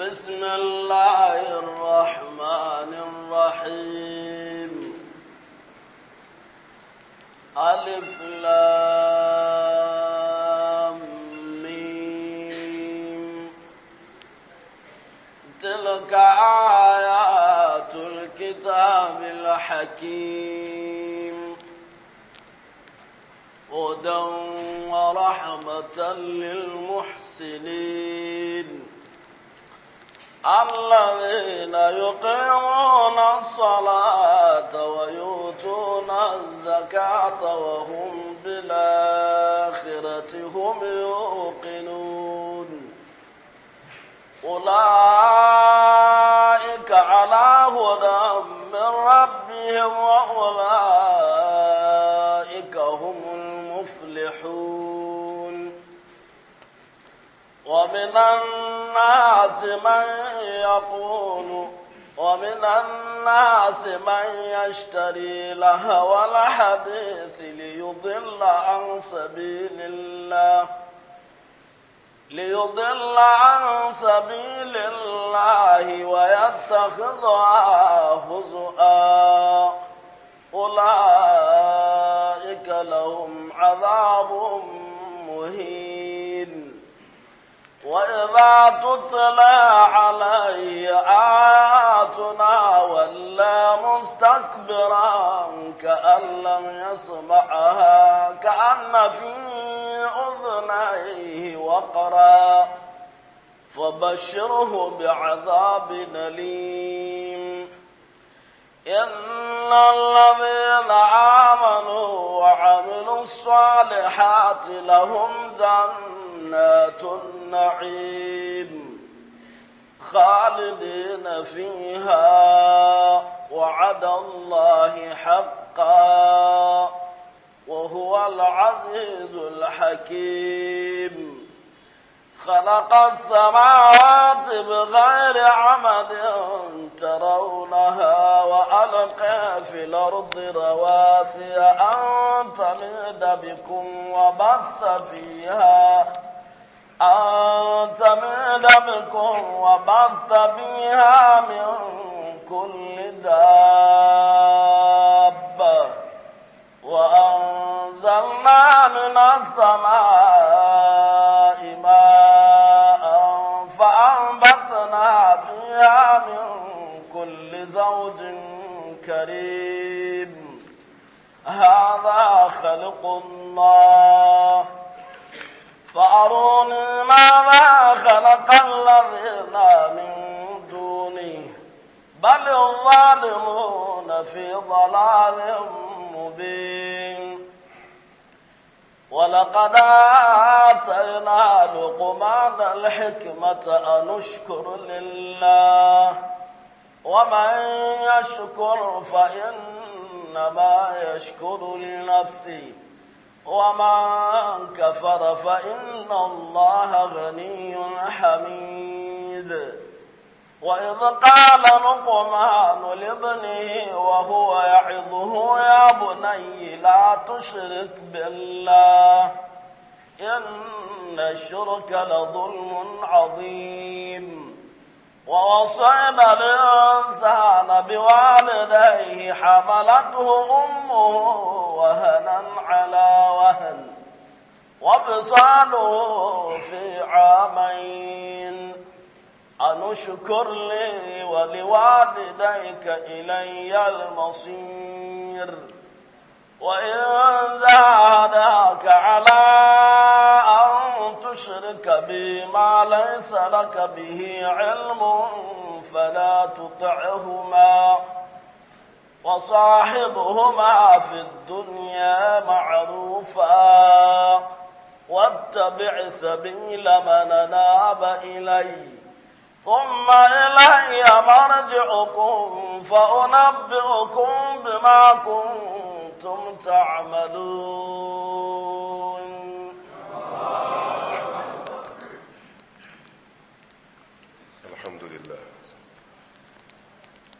بسم الله الرحمن الرحيم ألف لام ميم تلك آيات الكتاب الحكيم هدى ورحمة للمحسنين الذين يقيمون الصلاة ويؤتون الزكاة وهم بالآخرة هم يوقنون أولئك على هدى من ربهم وأولئك هم المفلحون ومن الناس من يقول ومن الناس من يشتري لهو والحديث ليضل عن سبيل الله ليضل عن سبيل الله ويتخذها هزؤا أولئك لهم عذاب مهين وإذا تطلع عليه آياتنا ولا مستكبرا كأن لم يسمعها كأن في أذنيه وقرا فبشره بعذاب أليم إن الذين آمنوا وعملوا الصالحات لهم جنة جنات النعيم خالدين فيها وعد الله حقا وهو العزيز الحكيم خلق السماوات بغير عمد ترونها وألقى في الأرض رواسي أن تميد بكم وبث فيها أنت من بكم وبث بها من كل دابة وأنزلنا من السماء ماء فأنبتنا فيها من كل زوج كريم هذا خلق الله فأروني ماذا خلق الذين من دوني بل الظالمون في ضلال مبين ولقد آتينا لقمان الحكمة أنشكر لله ومن يشكر فإنما يشكر لنفسه ومن كفر فإن الله غني حميد وإذ قال لقمان لابنه وهو يعظه يا بني لا تشرك بالله إن الشرك لظلم عظيم ووصينا الإنسان بوالديه حملته أمه وهنا على وهن وابصاله في عامين أنشكر لي ولوالديك إلي المصير وإن زادك على تشرك بما ليس لك به علم فلا تطعهما وصاحبهما في الدنيا معروفا واتبع سبيل من ناب إلي ثم إلي مرجعكم فأنبئكم بما كنتم تعملون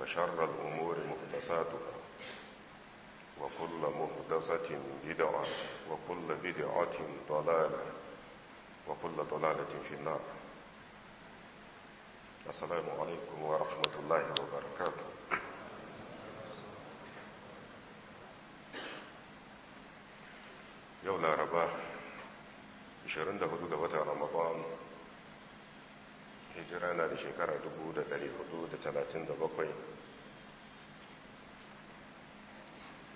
وشر الأمور محدثاتها وكل محدثة بدعة وكل بدعة ضلالة وكل ضلالة في النار السلام عليكم ورحمة الله وبركاته يوم الأربعاء 24 ga watan Ramadan hijira na da shekara 437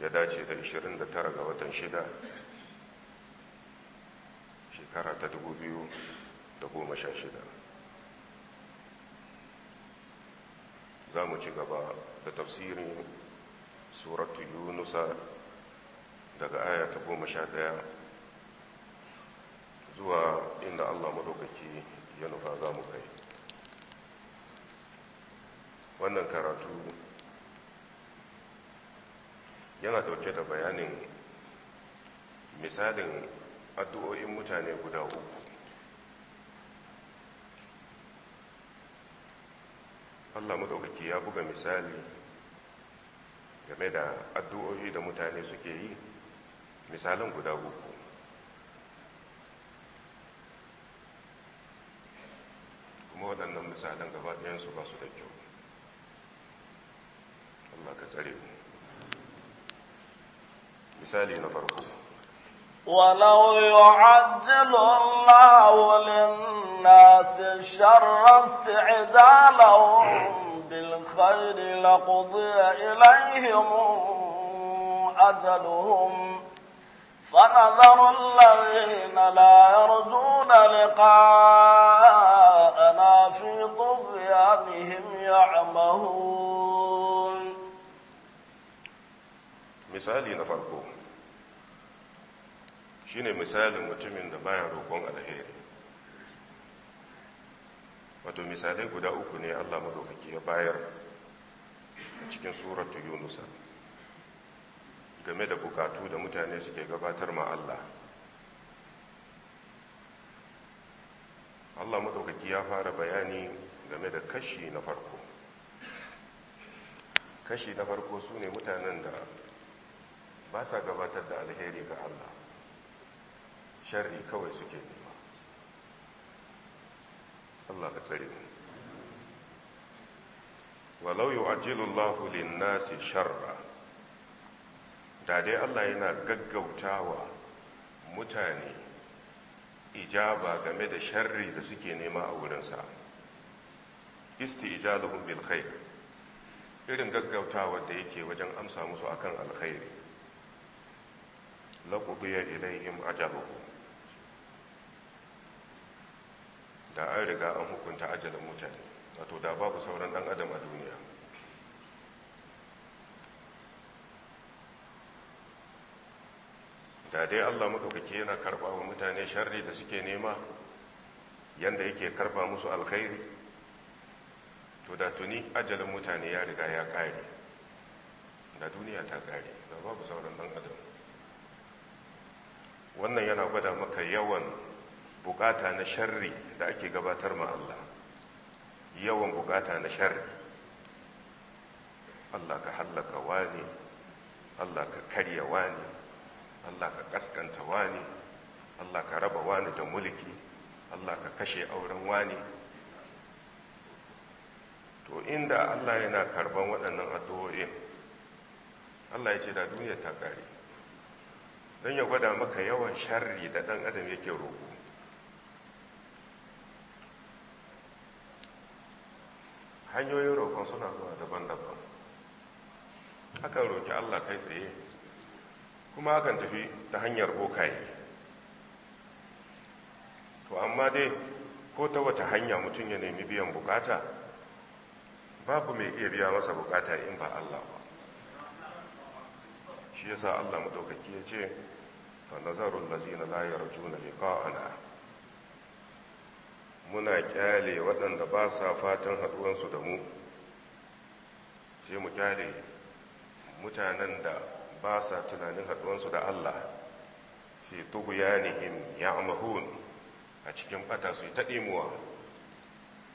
ya dace da 29 ga watan 6 shekara ta 2016 za mu ci gaba da tafsirin suratu yunusa daga aya ta 11 zuwa inda allah madaukaki ya nufa za mu kai wannan karatu yana dauke da bayanin misalin addu'o'in mutane guda uku allah maɗaukaki ya buga misali game da addu'o'i da mutane suke yi misalin guda uku kuma waɗannan misalin gaba ɗayansu ba su da kyau مثالي ka ولو يعجل الله للناس الشر استعجالهم بالخير لقضي إليهم أجلهم فنذر الذين لا يرجون لقاءنا في طغيانهم يعمهون misali na farko shine misalin mutumin da baya roƙon alheri wato misalai guda uku ne allah maɗaukaki ya bayar a cikin suratu yunusa game da bukatu da mutane suke gabatar ma allah allah maɗaukaki ya fara bayani game da kashi na farko kashi na farko su ne mutanen da ba sa gabatar da alheri ga Allah sharri kawai suke nema Allah ka tsare mu walau yu'ajjilu Allahu lin-nasi sharra da dai Allah yana gaggautawa mutane ijaba game da sharri da suke nema a wurinsa isti'jaluhum bil khair irin gaggautawa da yake wajen amsa musu akan alkhairi laƙubiya ilayhim ajaluhu da an riga an hukunta ajalin mutane wato da babu sauran dan adam a duniya da dai allah maɗaukaki yana karɓa wa mutane sharri da suke nema yadda yake karɓa musu alkhairi to da tuni ajalin mutane ya riga ya ƙare da duniya ta ƙare da babu sauran dan adam wannan yana gwada maka yawan bukata na sharri da ake gabatar ma Allah yawan bukata na sharri Allah ka hallaka wani Allah ka karya wani Allah ka kaskanta wani Allah ka raba wani da mulki Allah ka kashe auren wani to inda Allah yana karban waɗannan addu'o'in Allah ya ce da duniya ta ƙare don ya gwada maka yawan sharri da ɗan adam yake roƙo hanyoyin roƙon suna zuwa daban-daban akan roƙi allah kai tsaye kuma akan tafi ta hanyar bokaye to amma dai ko ta wata hanya mutum ya nemi biyan bukata babu mai iya biya masa bukata in ba allah ba shi yasa allah maɗaukaki ya ce na الذين juna يرجون لقاءنا muna kyale waɗanda ba sa fatan haɗuwansu da mu sai mu kyale mutanen da ba sa tunanin haɗuwansu da allah fi tuguyanihim ya amahun a cikin fata su yi ta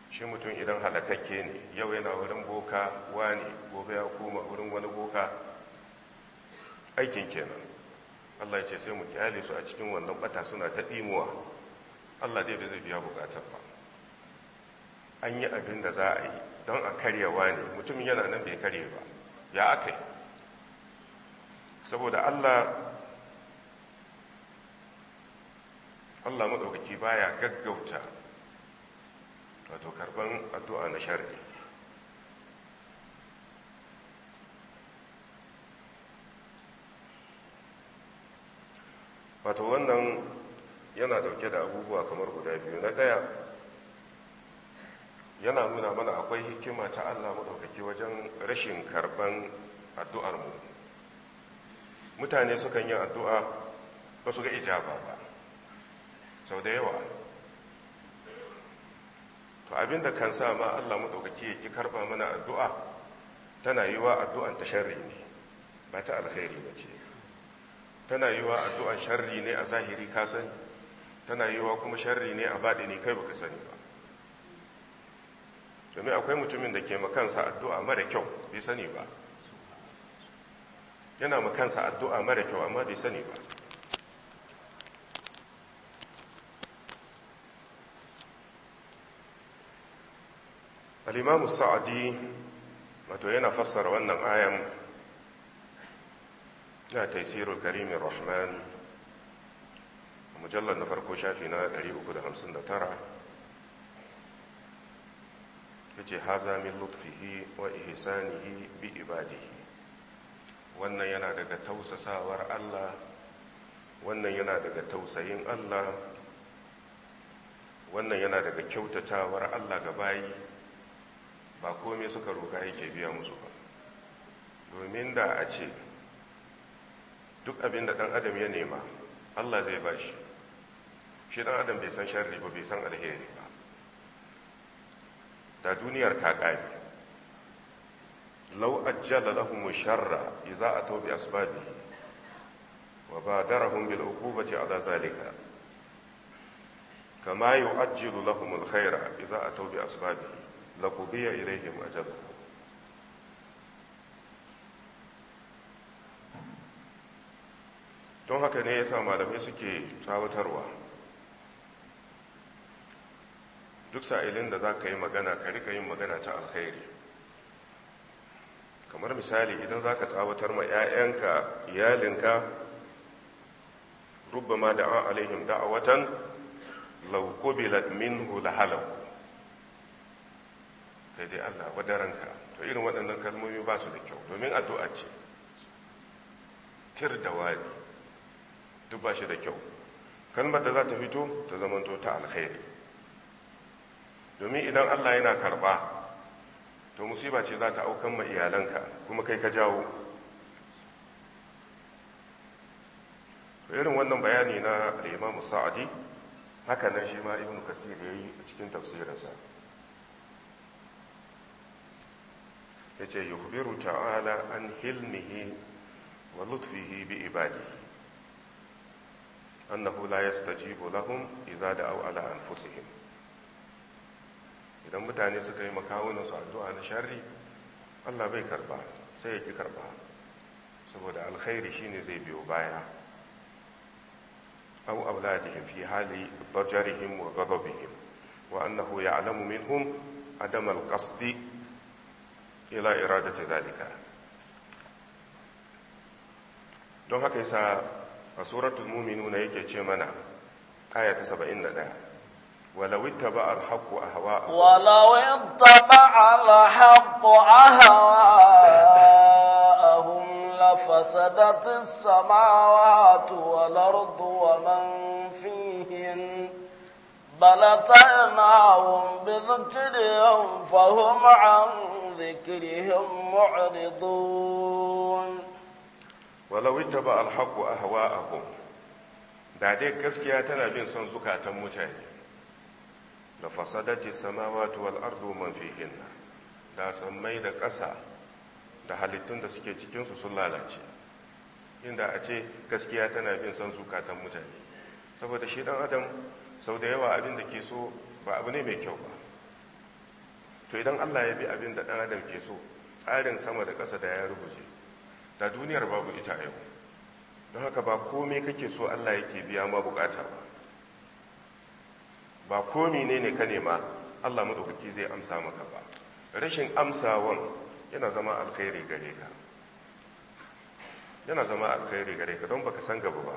shi mutum idan halakakke ne yau yana wurin boka wani gobe ya koma wurin wani boka aikin kenan Allah ya ce sai mu kyale su a cikin wannan bata suna ta ɗimuwa Allah dai bai zai biya bukatar ba an yi abin da za a yi don a karyawa ne mutumin yana nan bai karye ba ya aka yi saboda Allah Allah maɗaukaki baya gaggauta wato karban addu'a na shari'i wato wannan yana dauke da abubuwa kamar guda biyu na ɗaya yana nuna mana akwai hikima ta allah maɗaukaki wajen rashin karban addu'armu mutane sukan yi addu'a ba su ga ijaba ba sau da yawa to abinda kan sa ma allah maɗaukaki ya karba mana addu'a tana yi wa addu'an ta ne ba ta alkhairi ba ce tana wa addu'an sharri ne a zahiri ka sani tana wa kuma sharri ne a baɗi ne kai baka sani ba domin akwai mutumin da ke makansa addu'a mara kyau bai sani ba yana makansa addu'a mara kyau amma bai sani ba al'imamu sa'adi wato yana fassara wannan ayan na taisirul karimin rahman a mujallar na farko shafi na 359 ya ce haza min lutfihi wa ihsanihi bi ibadihi wannan yana daga tausasawar allah wannan yana daga tausayin allah wannan yana daga kyautatawar allah ga bayi ba komai suka roƙa yake biya musu ba domin da a ce duk abin da ɗan adam ya nema allah zai ba shi shi ɗan adam bai san sharri ba bai san alheri ba da duniyar ta ƙari lau ajjala lahum sharra idza a bi asbabihi wa ba badarahum bil uqubati ala zalika kama yu'ajjilu lahum al khayra idza ataw bi asbabihi laqubiya ilayhim ajaluhum don haka ne yasa malamai suke tsawatarwa duk sa'ilin da za ka yi magana ka rika yin magana ta alkhairi kamar misali idan za ka tsawatar ma 'ya'yanka iyalinka rubama da an alaihim da'awatan laukubilat minhu lahalau kai dai allah wadaranka to irin waɗannan kalmomi ba su da kyau domin addu'a ce tir da wani duk ba shi da kyau kalmar da za ta fito ta zamanto ta alkhairi domin idan allah yana karba to musiba ce za ta aukan ma iyalanka kuma kai ka jawo irin wannan bayani na al'imamu sa'adi haka nan shi ma ibn kasir ya yi a cikin tafsirinsa ya ce yukhbiru ta'ala an hilmihi wa lutfihi bi ibadihi annahu la yastajibu lahum idza da'u ala anfusihim idan mutane suka yi makawunan su addu'a na sharri Allah bai karba sai ya ki karba saboda alkhairi shine zai biyo baya aw auladihim fi hali bajarihim wa ghadabihim wa annahu ya'lamu minhum adam al ila iradati zalika don haka yasa a suratul muminuna yake ce mana aya ta 71 ولو اتبع الحق أهواءه ولو اتبع الحق أهواءهم لفسدت السماوات والأرض ومن فيهن بل أتيناهم بذكرهم فهم عن ذكرهم معرضون walau Hawa a ahwa'ahum da dai gaskiya tana bin son zukatan mutane da fasadati samawati wal ardu man fihinna da sammai da ƙasa da halittun da suke cikinsu sun lalace inda a ce gaskiya tana bin son zukatan mutane saboda shi dan adam sau da yawa abin da ke so ba abu ne mai kyau ba to idan allah ya bi abin da dan adam ke so tsarin sama da ƙasa da ya rubuce da duniyar babu ita yau don haka ba komai kake so allah yake biya ma bukata ba ba komi ne ne ka nema allah maɗaukaki zai amsa maka ba rashin amsawan yana zama alkhairi gare ka yana zama alkhairi gare ka don baka san gaba ba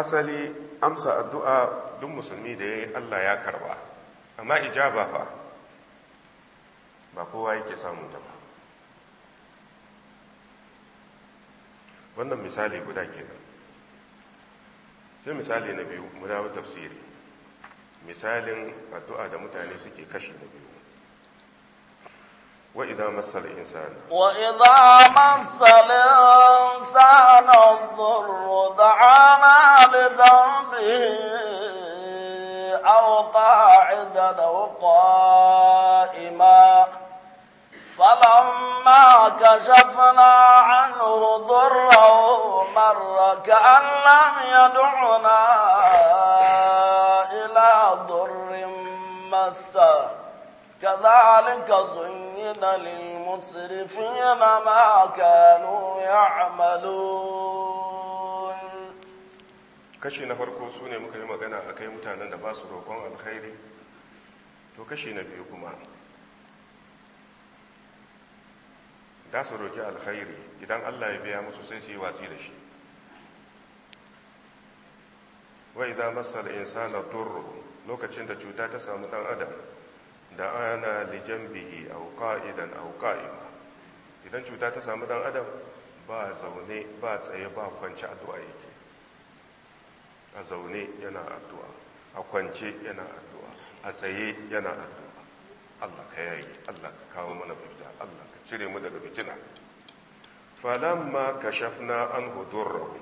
asali amsa addu'a duk musulmi da ya yi allah ya karba amma ijaba fa ba kowa yake samun ta ba wannan misali guda kenan sai misali na biyu mu dawo tafsiri misalin addu'a da mutane suke kashi na biyu وإذا مس الإنسان وإذا مس الإنسان الضر دعانا لجنبه أو قاعدا أو قائما فلما كشفنا عنه ضره مر كأن لم يدعنا إلى ضر مسه كذلك زين للمسرفين ما كانوا يعملون kashi na farko su ne muka yi magana a kai mutanen da ba su roƙon to kashi na biyu kuma za su roƙi alkhairi idan Allah ya biya musu sun yi watsi da shi wai za masal insana durru lokacin da cuta ta samu dan adam da ana janbihi au qa'idan au qa'ima idan cuta ta samu dan adam ba zaune ba tsaye ba kwance addu'a yake a zaune yana addu'a a kwance yana addu'a a tsaye yana addu'a Allah ka yayi Allah ka kawo mana bibi cire mu daga fitina falamma kashafna an hudurrahu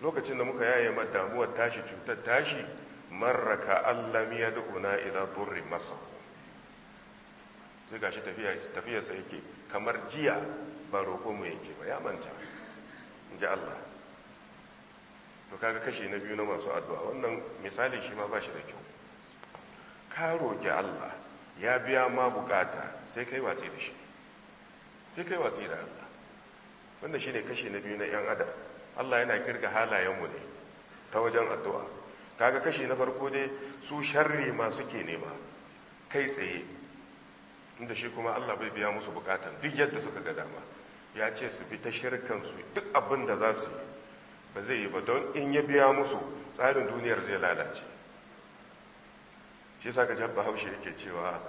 lokacin da muka yaye ma damuwar tashi cutar tashi maraka allam yad'una ila durri masa sai gashi tafiya tafiya sai yake kamar jiya ba roko mu yake ba ya manta inji Allah to kaga kashi na biyu na masu addu'a wannan misali shi ma ba shi da kyau ka roki Allah ya biya ma bukata sai kai watsi da shi sai kai watsi da Allah shi shine kashi na biyu na yan adam Allah yana kirga halayenmu ne ta wajen addu'a kaga kashi na farko dai su sharri ma suke nema kai tsaye inda shi kuma Allah bai biya musu bukatan duk yadda suka ga dama ya ce su bi ta shirkansu su duk abin da za su yi ba zai yi ba don in ya biya musu tsarin duniyar zai lalace shi sa ga jabba haushe yake cewa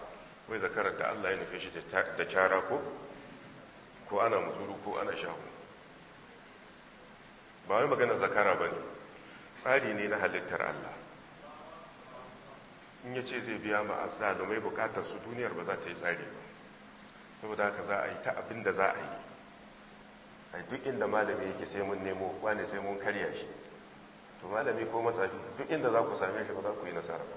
wai zakarar da Allah ya nufe shi da cara ko ko ana mutsuru ko ana shahu ba wai magana zakara ba ne tsari ne na halittar allah in ya ce zai biya da mai bukatar su duniyar ba za ta yi tsari ba saboda haka za a yi ta abin da za a yi a duk inda malami yake sai mun nemo wane sai mun karya shi to malami ko matsafi duk inda za ku same shi ba za ku yi nasara ba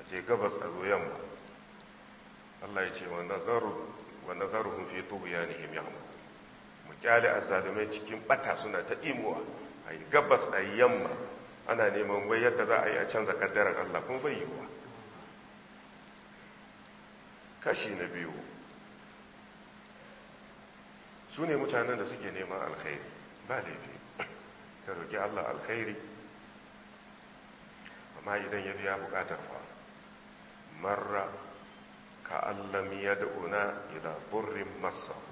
a je gabas a zo yamma Allah ya ce wa hun fi tughyanihim mu kyale azzalumai cikin bata suna ta imuwa yi gabas a yamma ana neman wai yadda za a yi a canza kaddaren Allah kuma bai kashi na biyu su ne mutanen da suke neman alkhairi ba laifi ka roƙi Allah alkhairi amma idan ya biya buƙatar fa marra ka'an ya yad'una ila burrin masahu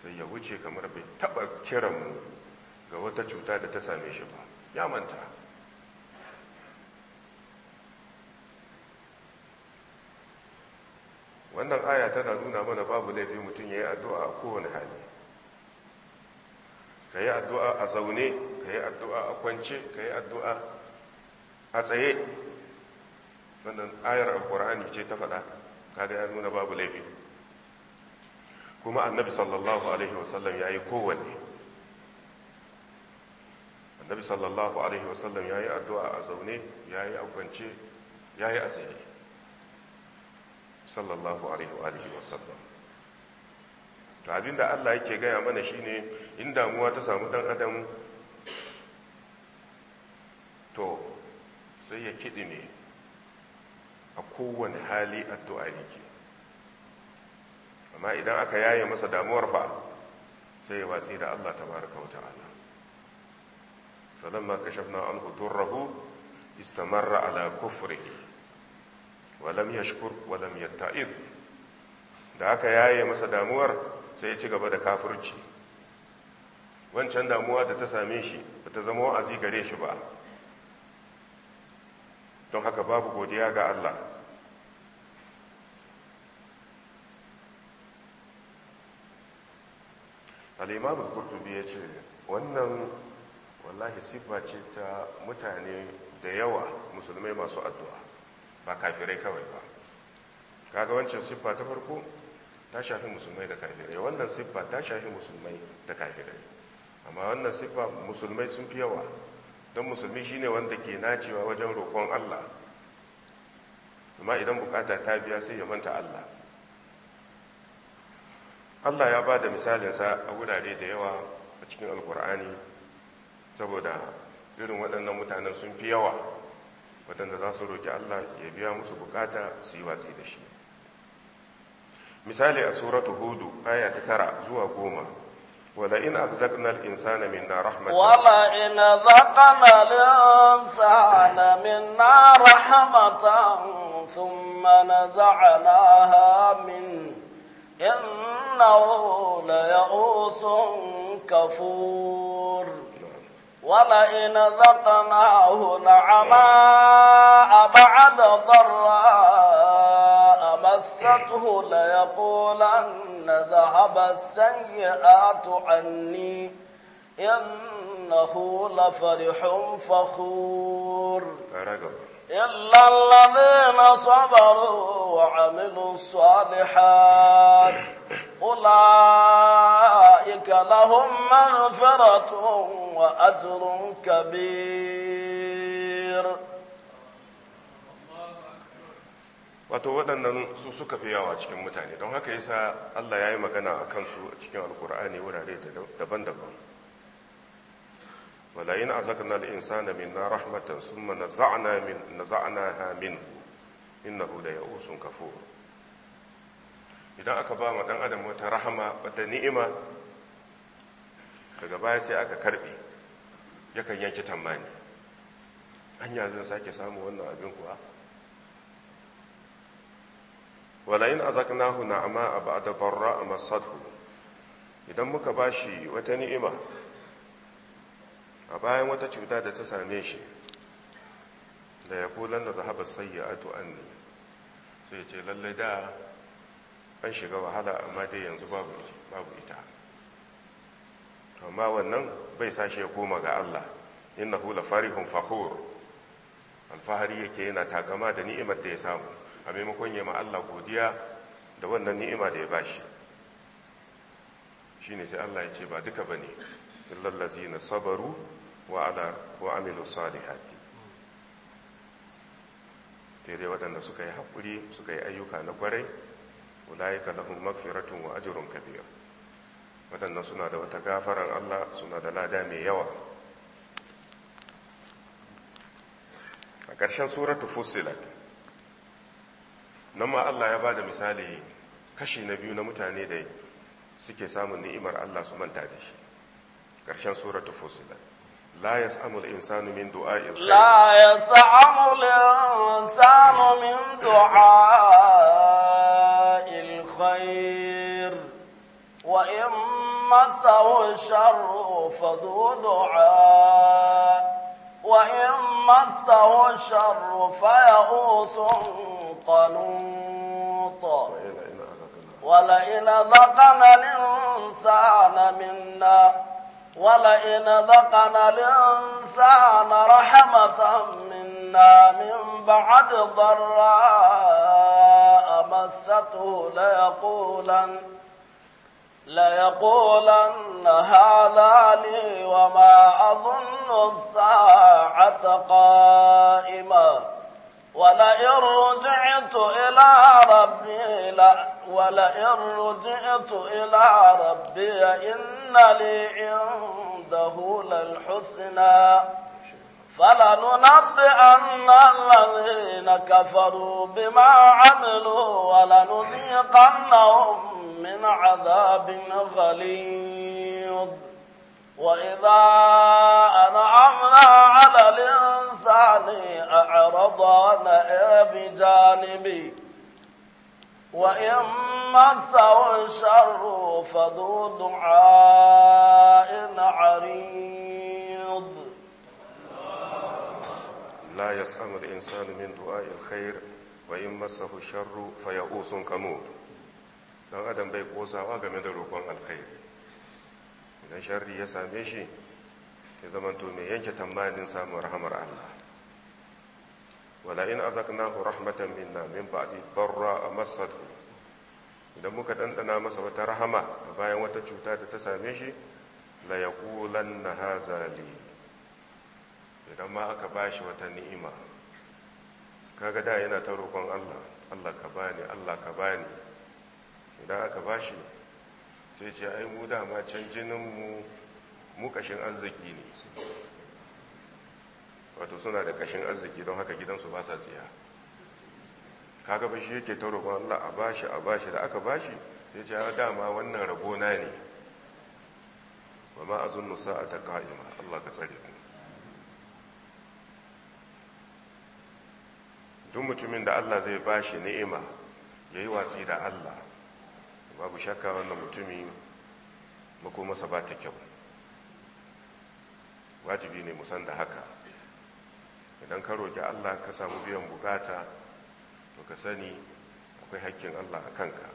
sai ya wuce kamar bai taba kiranmu ga wata cuta da ta same shi ba ya manta wannan aya tana nuna mana babu laifin mutum ya yi addu'a a kowane hali ka yi addu'a a zaune ka yi addu'a a kwance ka yi addu'a a tsaye wannan ayar alkur'ani ce ta faɗa kaga ya nuna babu laifi kuma annabi sallallahu alaihi wasallam ya yi kowanne annabi sallallahu alaihi wasallam ya yi addu'a a zaune ya yi akwance ya yi a tsaye sallallahu alaihi wasallam to abinda allah yake gaya mana shine in damuwa ta samu dan adam to sai ya kiɗi ne a kowane hali addu'a yake amma idan aka yaye masa damuwar ba sai ya watsi da Allah tabaraka wa ta'ala falamma an hutun rahu istamarra ala kufrihi walam ya shukur walam ya yatta'iz da aka yaye masa damuwar sai ya ci gaba da kafurci. wancan damuwa da ta same shi ba ta zama wa'azi gare shi ba don haka babu godiya ga Allah alimamin kurtubi ya ce wannan wallahi siffa ce ta mutane da yawa musulmai masu addu'a ba kafirai kawai ba kaga wancan siffa ta farko ta shafi musulmai da kafirai wannan siffa ta shafi musulmai da kafirai amma wannan siffa musulmai sun fi yawa don musulmi shine wanda ke nacewa wajen roƙon allah amma idan bukata ta biya sai ya manta allah Allah ya ba da misalinsa a wurare da yawa a cikin alkur'ani saboda irin waɗannan mutanen sun fi yawa waɗanda za su roƙi Allah ya biya musu bukata su yi watsi da shi misali a suratu hudu aya ta tara zuwa goma ولئن أذقنا الإنسان منا رحمة ولئن أذقنا الإنسان منا رحمة ثم نزعناها منه إنه ليئوس كفور ولئن ذقناه نعماء بعد ضراء مسته ليقولن ذهب السيئات عني إنه لفرح فخور إلا الذين صبروا وعملوا الصالحات أولئك لهم مغفرة وأجر كبير wato waɗannan su suka fi yawa cikin mutane don haka yasa Allah ya yi magana a kansu cikin alkur'ani wurare daban-daban wala in azaqna al-insana minna rahmatan thumma naza'na min naza'naha min innahu la ya'usun kafur idan aka ba ma wata rahama ni'ima daga baya sai aka karbe yakan yanki tamani hanya zan sake samu wannan abin kuwa wala in azaqnahu na'ama ba'da barra masadhu idan muka bashi wata ni'ima a bayan wata cuta da ta same shi da ya kulan da zahaba sayyatu anni sai ce lallai da an shiga wahala amma dai yanzu babu ita ita amma wannan bai sashi ya koma ga Allah innahu la farihun fakhur alfahari yake yana takama da ni'imar da ya samu a maimakon yema Allah godiya da wannan ni'ima da ya bashi shine sai Allah ya ce ba duka bane illal na sabaru wa ala wa amilu salihati tere waɗanda suka yi haƙuri suka yi ayyuka na kwarai ulaika lahum magfiratun wa ajrun kabir Waɗanda suna da wata gafaran Allah suna da lada mai yawa a ƙarshen suratu fusilat nan ma Allah ya ba da misali kashi na biyu na mutane da suke samun ni'imar Allah su manta da shi كرشان سورة فصلة لا يسأم الإنسان من دعاء الخير لا يسأم الإنسان من دعاء الخير وإن مسه الشر فذو دعاء وإن مسه الشر فيئوس قنوط ولئن أذقنا الإنسان منا ولئن ذقنا الإنسان رحمة منا من بعد ضراء مسته ليقولن ليقولن هذا لي وما أظن الساعة قائمة ولئن رجعت إلى ربي لا ولئن رجعت إلى ربي إن لي عنده للحسنى فلننبئن الذين كفروا بما عملوا ولنذيقنهم من عذاب غليظ وإذا أنعمنا على الإنسان أعرض عنه بجانبي وإن مسه الشر فذو دعاء عريض لا يسأم الإنسان من دعاء الخير وإن مسه الشر فيئوس كنوط dan adam bai kosawa game da roƙon alkhairi idan sharri ya same shi ya zamanto mai yanke tamanin samun rahamar Allah wala in azaknahu rahmatan minna min ba'di barra amassatu idan muka dandana masa wata rahama bayan wata cuta da ta same shi la yaqulanna hadha li idan ma aka bashi wata ni'ima kaga da yana ta roƙon Allah Allah ka bani Allah ka bani idan aka bashi sai ce ai mu dama can jininmu mu kashin arziki ne wato suna da kashin arziki don haka gidansu ba sa tsiya haka ba shi yake ta roƙon Allah a bashi a bashi da aka bashi sai ce ya ah, dama wannan rabona ne ba ma a zunnu sa'ata ka'ima Allah ka tsare mu duk mutumin da Allah zai bashi ni'ima yayi watsi da Allah babu shakka wannan mutumi makomasa ba ta kyau wajibi ne musan da haka idan ka roƙi allah ka samu biyan bukata to ka sani akwai hakkin allah a kanka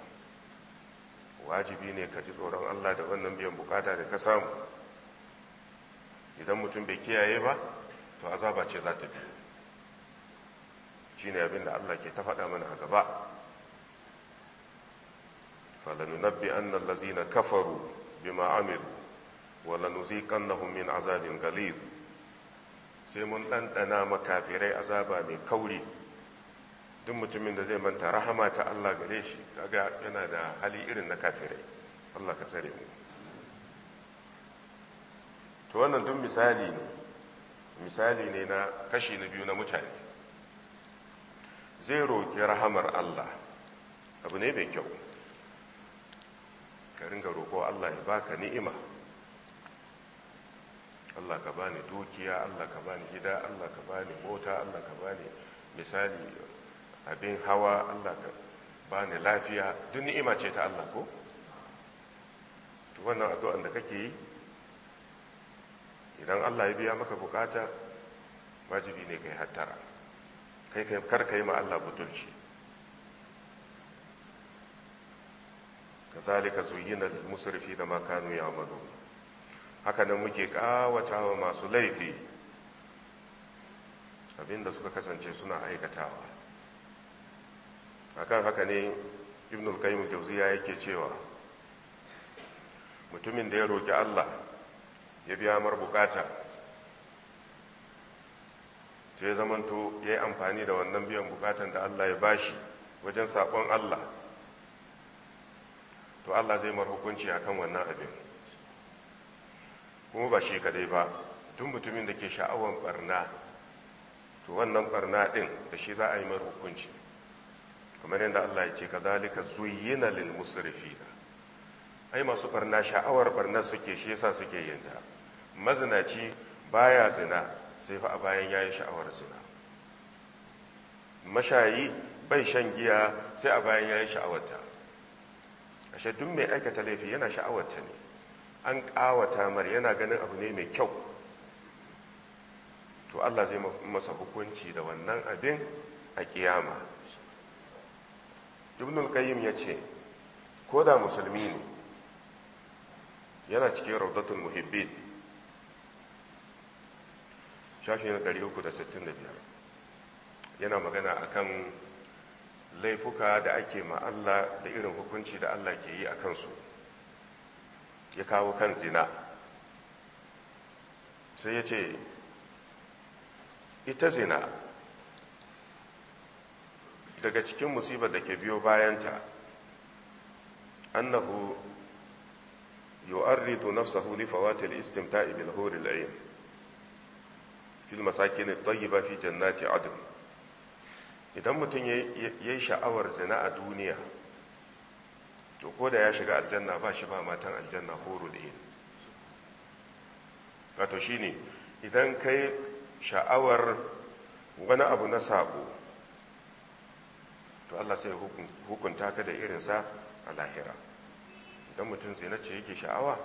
wajibi ne ka ji tsoron allah da wannan biyan bukata da ka samu idan mutum bai kiyaye ba to azaba ce za ta biyu shi ne abinda allah ke ta faɗa mana a gaba فلننبئن الذين كفروا بما عملوا ولنذيقنهم من عذاب غليظ sai mun ɗanɗana makafirai azaba mai kauri duk mutumin da zai manta rahama ta Allah gare shi kaga yana da hali irin na kafirai Allah ka tsare mu to wannan duk misali ne misali ne na kashi na biyu na mutane zai roƙi rahamar Allah abu ne mai kyau ka ringa roƙo Allah ya baka ni'ima Allah ka bani dukiya Allah ka bani gida Allah ka bani mota Allah ka bani misali abin hawa Allah ka bani lafiya duk ni'ima ce ta Allah ko to wannan addu'an da kake yi idan Allah ya biya maka bukata wajibi ne kai hattara kai kai kar yi ma Allah butulci kazalika zuyina lil da ma kanu ya'malun haka nan muke kawatawa masu laifi abinda suka kasance suna aikatawa akan haka ne ibnul qayyim jauziya yake cewa mutumin da ya roki Allah ya biya mar bukata ta ya zamanto ya yi amfani da wannan biyan bukatan da Allah ya bashi wajen saƙon Allah to Allah zai mar hukunci a kan wannan abin kuma ba shi kadai ba tun mutumin da ke sha'awar barna to wannan barna din da shi za a yi mar hukunci kamar yadda Allah ya ce zalika zuyina lil musrifina ai masu barna sha'awar barna suke shi yasa suke yin ta mazinaci baya zina sai fa a bayan yayi sha'awar zina mashayi bai shan giya sai a bayan yayi ta. ashe duk mai aikata laifi yana sha'awarta ne an ƙawata mar yana ganin abu ne mai kyau to Allah zai masa hukunci da wannan abin a kiyama ibnul qayyim ya ce ko da musulmi ne yana cikin raudatul muhibbin shafi na 365 yana magana akan laifuka da ake ma Allah da irin hukunci da Allah ke yi a kansu ya kawo kan zina sai ya ce ita zina daga cikin musibar da ke biyo bayanta annahu yu'arridu nafsahu li fawatil istimta'i bil huril 'ain fil masakin at-tayyiba fi jannati 'adn idan mutum ya yi sha'awar zina a duniya to ko da ya shiga aljanna ba shi ba matan aljanna horo da yin wato shi ne idan ka yi sha'awar wani abu na sabo to allah sai hukunta ka da irinsa a lahira idan mutum zina ce yake sha'awa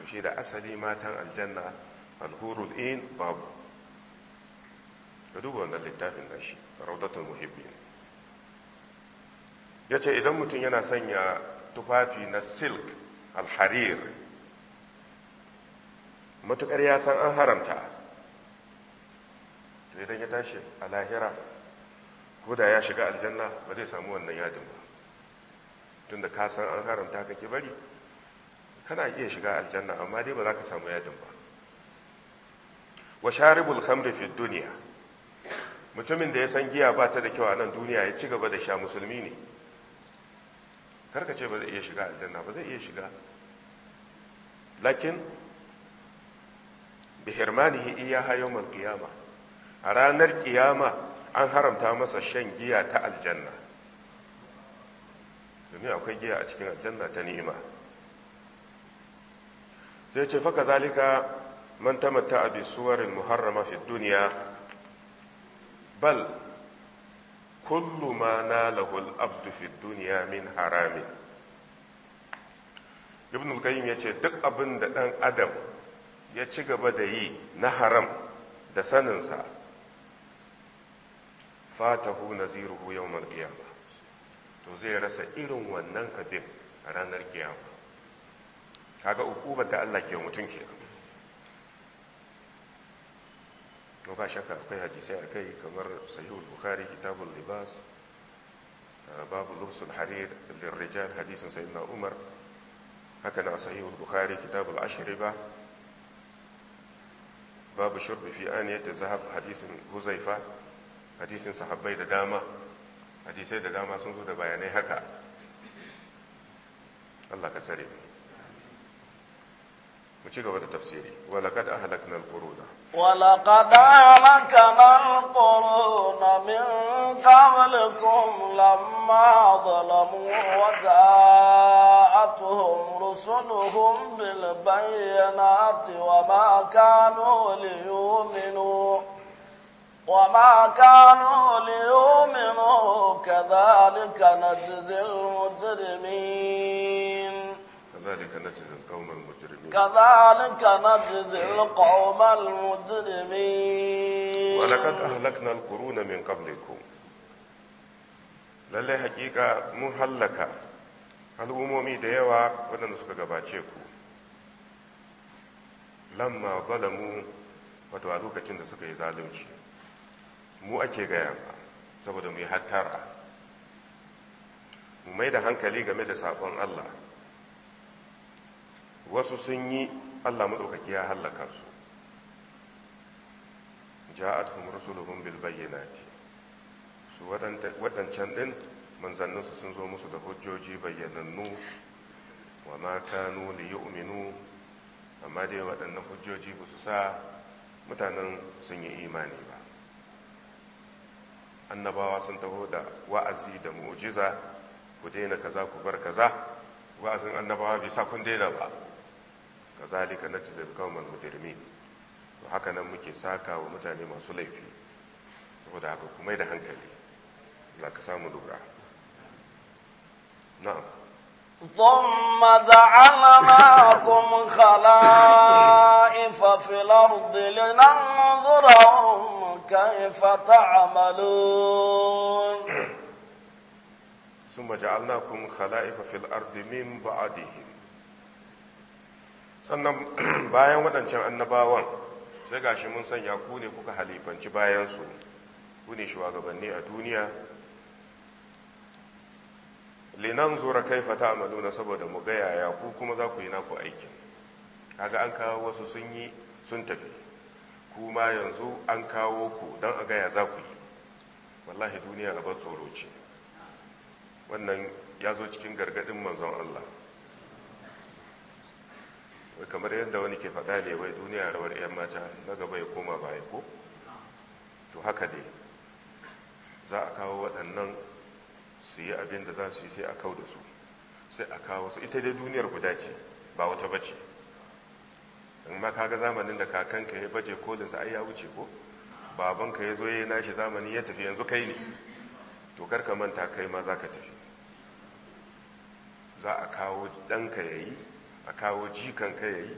to shi da asali matan aljanna alhurul in babu ka duba wannan littafin nashi raudatul muhibbin ya ce idan mutum yana sanya tufafi na silk alharir matukar ya san an haramta to idan ya tashi a lahira ko da ya shiga aljanna ba zai samu wannan yadin ba tun ka san an haramta kake bari kana iya shiga aljanna amma dai ba za ka samu yadin ba wa sharibul khamri fi duniya mutumin da ya san giya ba ta da kyau a nan duniya ya ci gaba da sha musulmi ne karkace ba zai iya shiga aljanna ba zai iya shiga lakin bihirmanihi iyaha yawmal qiyama a ranar kiyama an haramta masa shan giya ta aljanna domin akwai giya a cikin aljanna ta ni'ima sai ce faka zalika man tamatta bi suwarin muharrama fi duniya bal kullu ma nalahu al-abdu fi dunya min harami. ibn al-qayyim yace duk abin da dan adam ya ci gaba da yi na haram da saninsa fatahu naziruhu yawmal qiyamah to zai rasa irin wannan abin a ranar kiyama kaga ukubar da Allah ke mutum kenan to ba shakka akwai hadisai a kai kamar sahihul bukhari kitabul libas eh, babu lursul harir lirrijal hadisin sayyidina umar haka na sahihul bukhari kitabul ashriba babu shurbi fi aniyati zahab hadisin huzaifa hadisin sahabbai da dama hadisai da dama sun zo da bayanai haka Allah ka tsare mu وشي غبر التفسيري ولقد أهلكنا القرون ولقد أهلكنا القرون من قبلكم لما ظلموا وجاءتهم رسلهم بالبينات وما كانوا ليؤمنوا وما كانوا ليؤمنوا كذلك نجزي المجرمين كذلك نجزي القوم المجرمين كذلك نجزي القوم المجرمين ولقد أهلكنا القرون من قبلكم lallai hakika mun hallaka al'ummomi da yawa waɗanda suka gabace ku lamma zalamu wato a lokacin da suka yi zalunci mu ake gaya ba saboda mu yi hattara mu mai da hankali game da sabon Allah wasu sun yi Allah maɗaukaki ya hallaka su ja'atuhum rusuluhum na ce su waɗancan ɗin manzanninsu sun zo musu da hujjoji bayyanannu wa ma kanu yi uminu, amma dai waɗannan hujjoji ba su sa mutanen sun yi imani ba annabawa sun taho da wa'azi da mu'jiza ku daina kaza ku bar kaza wa'azin annabawa bai sa kun daina ba kazalika najzil qauman mujrimin to haka nan muke saka wa mutane masu laifi da haka kuma da hankali za ka samu lura na'am ثم جعل معكم خلائف في الأرض لننظرهم كيف تعملون ثم جعلناكم خلائف في الأرض من بعدهم sannan bayan waɗancan annabawan sai gashi mun sanya ku ne kuka halifanci bayansu ku ne shugabanni a duniya linan zura kai fata amaluna saboda mu gaya ya ku kuma za ku yi naku aiki kaga an kawo wasu sun yi sun tafi kuma yanzu an kawo ku don a gaya za ku yi wallahi duniya labar tsoro ce wannan ya zo cikin gargadin manzon Allah kamar yadda wani ke faɗa ne wai duniya rawar 'yan mata na gaba ya koma baya ko to haka ne za a kawo waɗannan su yi abin da za su yi sai a kawo da su sai a kawo su ita dai duniyar guda ce ba wata bace in ma kaga zamanin da kakanka ya baje kolinsa ai ya wuce ko babanka ya zo ya yi nashi zamani ya tafi yanzu kai ne to karka manta kai ma za ka tafi za a kawo ɗanka ya yi a kawo jikan ka yayi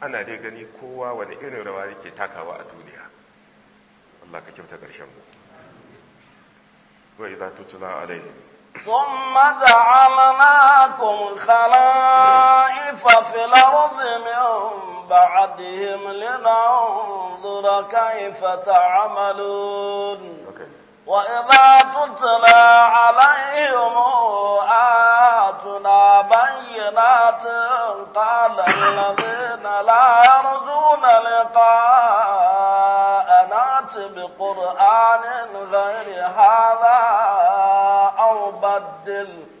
ana dai gani kowa wani irin rawa yake takawa a duniya Allah ka kyauta ƙarshen mu wa idza tutla alaihim ifa جعلناكم خلائف في الأرض من بعدهم لننظر ta تعملون وإذا تتلى عليهم آتنا بينات قال الذين لا يرجون لقاء بقرآن غير هذا أو بدل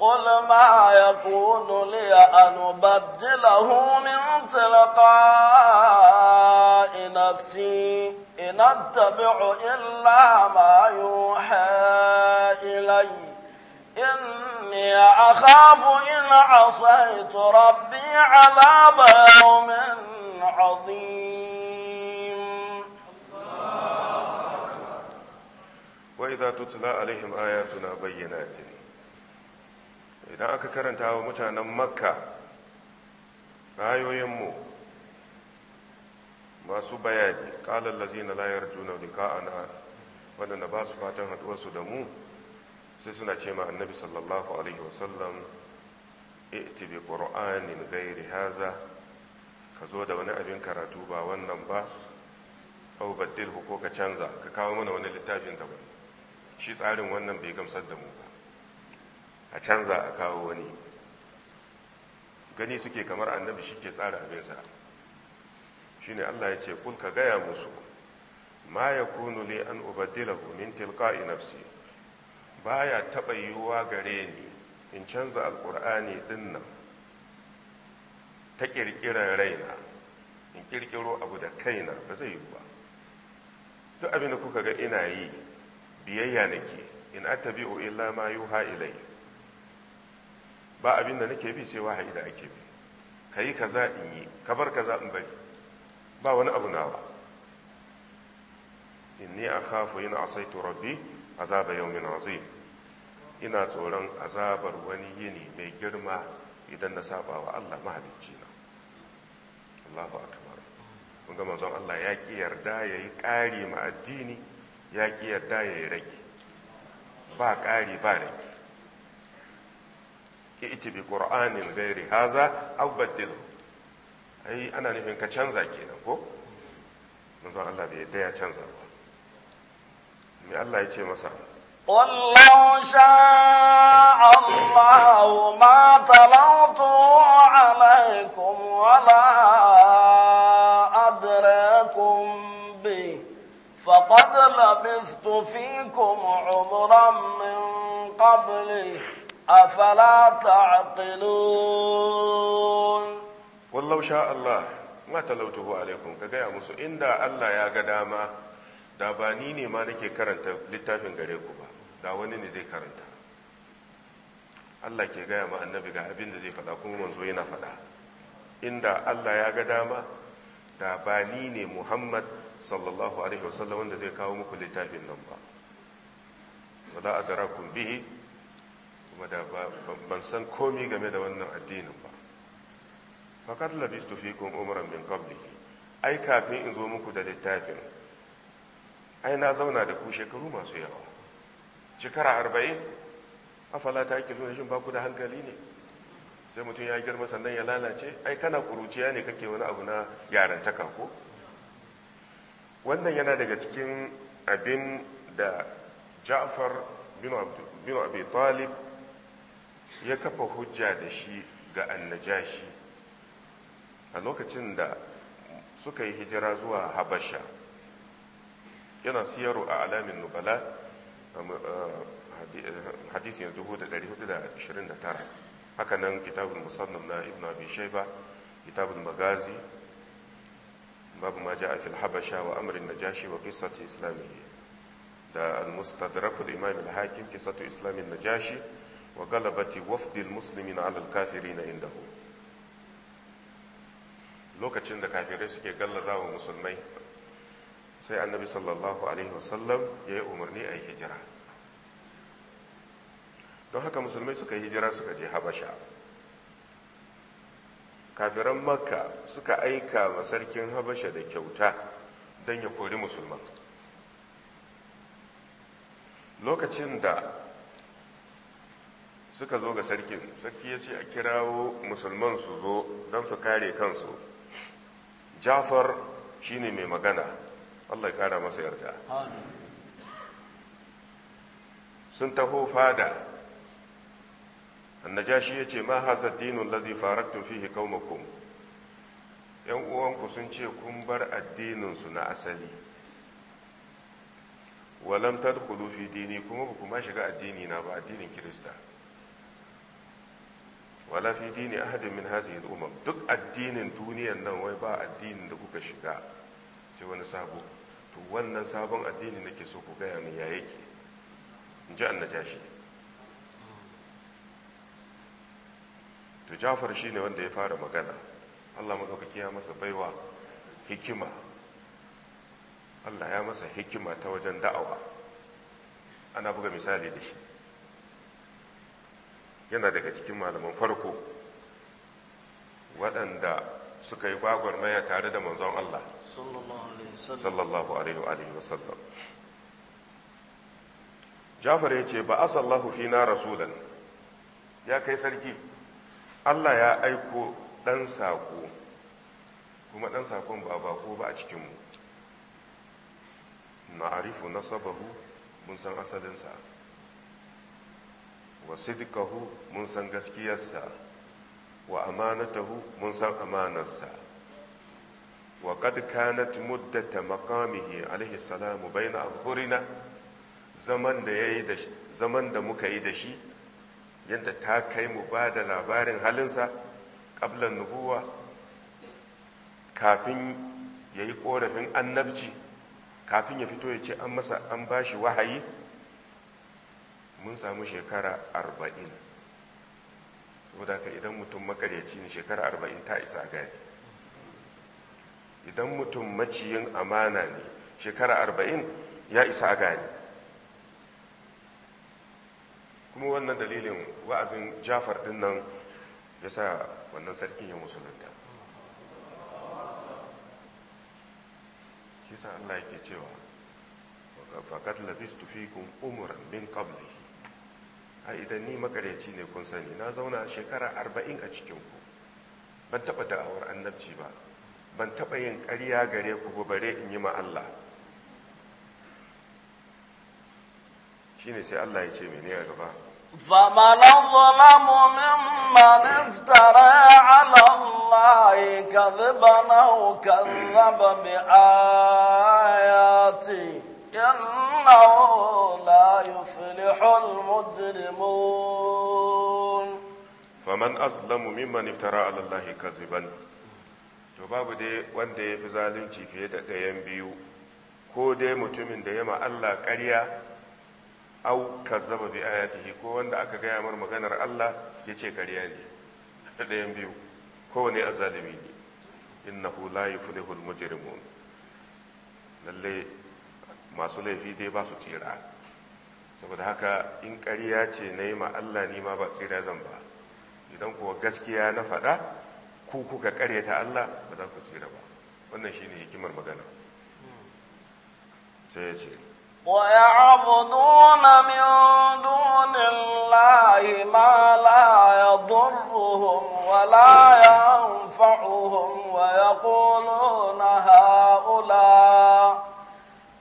قل ما يكون لي أن أبدله من تلقاء نفسي إن أتبع إلا ما يوحى إلي إني أخاف إن عصيت ربي عذاب يوم عظيم وإذا تتلى عليهم آياتنا بينات idan aka karanta wa mutanen makka ayoyinmu masu bayani kalar lazina layar juna lika'ana wadanda ba su fatan haɗuwarsu da mu sai suna ce ma annabi sallallahu alaihi wasallam iti bi ƙura'anin gairi haza ka zo da wani abin karatu ba wannan ba au baddil ko ka canza ka kawo mana wani littafin daban shi tsarin wannan bai gamsar da mu ba a canza a kawo wani gani suke kamar annabi shi ke tsara abinsa shi ne allah ya ce kulka gaya musu ma ya kunu ne an ubaddilahu min tilqa'i nafsi baya taɓa yiwuwa gare ni in canza alƙur'ani ɗin nan ta ƙirƙirar raina in ƙirƙiro abu da kaina ba zai yi ba duk abin da kuka ga ina yi biyayya nake in attabi'u illa ma yuha ilayya ba abin da nake bi sai wahayi da ake bi ka yi kaza in yi ka bar kaza in bari ba wani abu nawa inni akhafu in asaitu rabbi azaba yawmin azim ina tsoron azabar wani yini mai girma idan na saba wa Allah mahalicci na Allahu akbar kun ga manzon Allah ya ki yarda yayi ƙari ma addini ya ki yarda yayi rage ba ƙari ba rage ائت بقران غير هذا او بدله اي انا نفهم ka canza kenan ko manzon Allah bai yadda ya canza ba me Allah yace والله شاء الله ما تلوت عليكم ولا أدراكم به فقد لبثت فيكم عمرا من قبله أفلا تعقلون والله شاء الله ما تلوته عليكم كجاي موسى إن دا الله يا قدامة دا بانيني ما نكي كرنت لتافين غريكو با دا ونيني زي كرنت Allah ke gaya ma annabi ga abinda zai faɗa kuma manzo yana faɗa inda Allah ya ga dama da ba ni ne Muhammad sallallahu alaihi wasallam wanda zai kawo maku littafin nan ba wala adrakum bihi kuma da ban san komi game da wannan addinin ba fakat labistu kun umarar min qablihi ai kafin in zo muku da littafin ai na zauna da ku shekaru masu yawa shekara arba'in afala ta ake nuna shi ba ku da hankali ne sai mutum ya girma sannan ya lalace ai kana kuruciya ne kake wani abu na yarantaka ko wannan yana daga cikin abin da ja'far bin abi talib ya kafa hujja da shi ga annajashi a lokacin da suka yi hijira zuwa habasha yana siyarwa a alamin nubala um, uh, uh, hadisi na 429 hakanan kitabun musamman na ibn abi shaiba kitabun magazi babu ma a fil habasha wa amrin najashi wa qissati Islamiyya. da al-mustadrak al-imam al-hakim qissatu islamin najashi wa galabati wafdil muslimin alal na indahu lokacin da kafirai suke gallaza wa musulmai sai annabi sallallahu alaihi wasallam ya yi umarni a yi hijira don haka musulmai suka yi hijira suka je habasha kafiran makka suka aika wa sarkin habasha da kyauta don ya kori musulman lokacin da suka zo ga sarkin sarki ya ce a kirawo musulman su zo don su kare kansu jafar shine mai magana allah ya kara masa yarda sun taho fada shi ya ce ma haza dinun lazi faraktun fihi kaumakum yan uwanku sun ce kun bar addininsu na asali walam tadkhulu fi dini kuma ba kuma shiga addini na ba addinin kirista wala fi dini ahadin min hazihi al-umam duk addinin duniyan nan wai ba addinin da kuka shiga sai wani sabo to wannan sabon addini nake so ku gaya min ya yake in ji annajashi to jafar shine wanda ya fara magana Allah madaukaki ya masa baiwa hikima Allah ya masa hikima ta wajen da'awa ana buga misali da shi yana daga cikin malaman farko waɗanda suka yi gwagwarmaya tare da manzon Allah sallallahu alaihi wa sallam Jafar ya ce ba asallahu fina rasulan ya kai sarki Allah ya aiko ɗan saƙo kuma ɗan saƙon ba ko ba a cikinmu na arifu na sabahu mun san asalinsa wa sidikahu mun san gaskiyarsa wa amanatahu mun san amanarsa wa kad kanat muddata maqamihi alaihi salamu baina azhurina zaman da yayi da zaman da muka yi da shi yadda ta kai mu ba da labarin halinsa ƙablan nubuwa kafin ya yi ƙorafin annabci kafin ya fito ya ce an masa an ba wahayi mun samu shekara arba'in saboda ka idan mutum makaryaci ne shekara arba'in ta isa gani idan mutum maciyin amana ne shekara arba'in ya isa gani kuma wannan dalilin wa'azin jafar din nan ya sa wannan sarkin ya musulunta shi sa Allah yake cewa faqad Labis, fikum umran min qabli a idan ni makaryaci ne kun sani na zauna shekara arba'in a cikinku ban taɓa da'awar annabci ba ban taɓa yin ƙarya gare ku bare in yi ma Allah ne sai Allah ya ce mene a gaba فمن ظلم ممن افترى على إنه لا يفلح المجرمون faman azlamu mimman iftara ala Allahi kaziban to babu dai wanda ya fi zalunci fiye da ɗayan biyu ko dai mutumin da ya ma Allah ƙarya au kazzaba bi ayatihi ko wanda aka gaya mar maganar Allah ya ce ƙarya ne ɗayan biyu kowane azalimi ne innahu la yuflihul mujrimun lalle masu laifi dai ba su tsira saboda haka in ƙariya ce na yi ma Allah ni ma ba tsira zan ba idan kuwa gaskiya na faɗa ku kuka ta Allah ba za ku tsira ba wannan shi ne hikimar magana sai ya ce ويعبدون من دون الله wala ya يضرهم ولا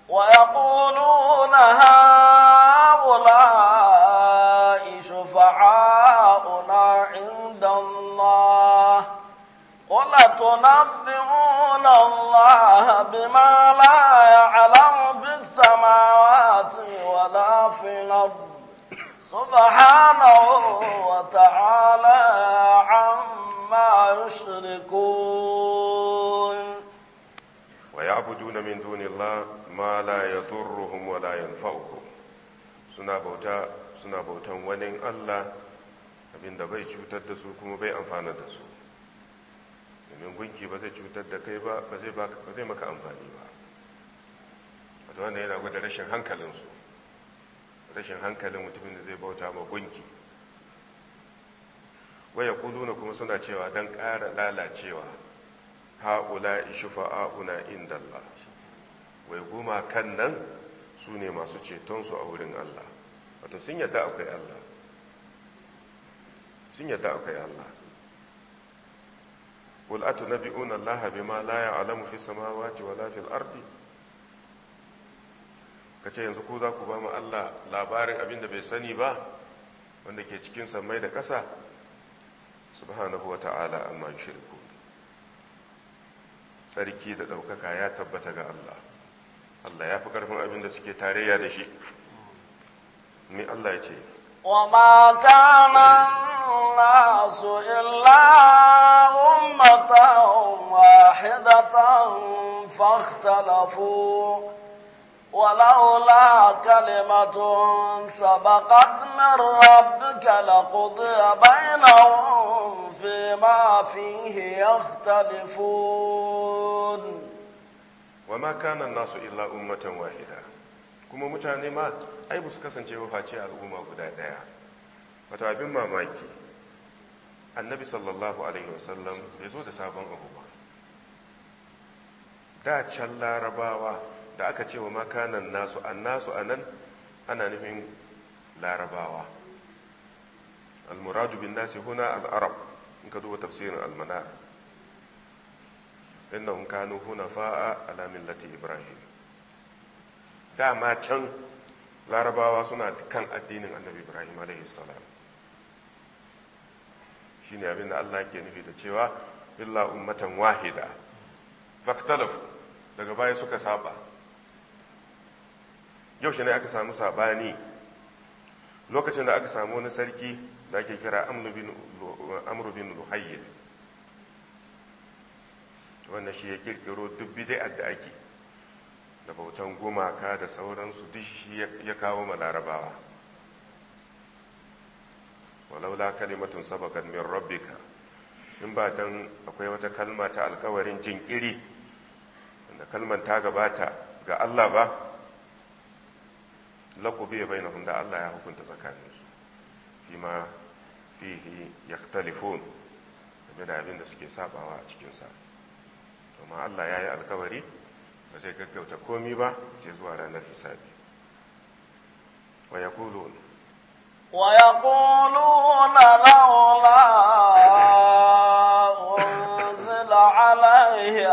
ويقولون هؤلاء شفعاؤنا عند الله قل تنبئون الله بما لا يعلم في السماوات ولا في الأرض سبحانه وتعالى عما يشركون ya'budun min dunillah ma la yadurruhum wa la yanfa'uhum suna bauta suna bautan wani Allah abinda bai cutar da su kuma bai amfana da su domin gunki ba zai cutar da kai ba ba zai maka amfani ba wato wannan yana gwada rashin su, rashin hankalin mutumin da zai bauta ma gunki waya kuluna kuma suna cewa don ƙara lalacewa ha'ula shufa'a'una inda Allah wai goma kan nan su ne masu cetonsu a wurin Allah wato sun yadda akwai Allah sun yadda akwai Allah قل أتنبئون الله بما alamu fi في wa ولا ardi? Ka kace yanzu ko za ku ba mu Allah labarin abin da bai sani ba wanda ke cikin sammai da ƙasa subhanahu wa ta'ala amma shirku tsarki da ɗaukaka ya tabbata ga Allah Allah ya fi ƙarfin abin da suke tarayya da shi Ni Allah ya ce وما كان الناس إلا أمة واحدة فاختلفوا ولولا كلمة سبقت من ربك لقضي بينهم فيما فيه يختلفون وما كان الناس إلا أمة واحدة kuma mutane ma ai su kasance ba al'umma guda ɗaya wata abin mamaki annabi sallallahu alaihi wasallam bai zo da sabon abu ba da can larabawa da aka ce wa makanan nasu an nasu a nan ana nufin larabawa almuradu bin nasi huna al'arab in ka duba tafsirin almanar innahum kanu fa'a, alamin millati ibrahim dama can larabawa suna kan addinin annabi ibrahim alaihi salam shine abin da Allah ke nufi da cewa illa ummatan wahida faktalafu daga baya suka saba yaushe ne aka samu sabani lokacin da aka samu wani sarki da ake kira amru bin wannan shi ya kirkiro duk bid'ar da ake da bautan gumaka da sauransu duk shi ya kawo ma larabawa walaula kalimatun sabakan min rabbika in ba dan akwai wata kalma ta alkawarin jinkiri da kalman ta gabata ga Allah ba ya bayyana hunda Allah ya hukunta tsakaninsu fi fihi ya game da abin da suke sabawa a cikinsa. sa amma Allah ya yi alkawari ba zai gaggauta komi ba sai zuwa ranar hisabi wa ya wa yaquluna laula unzila alaihi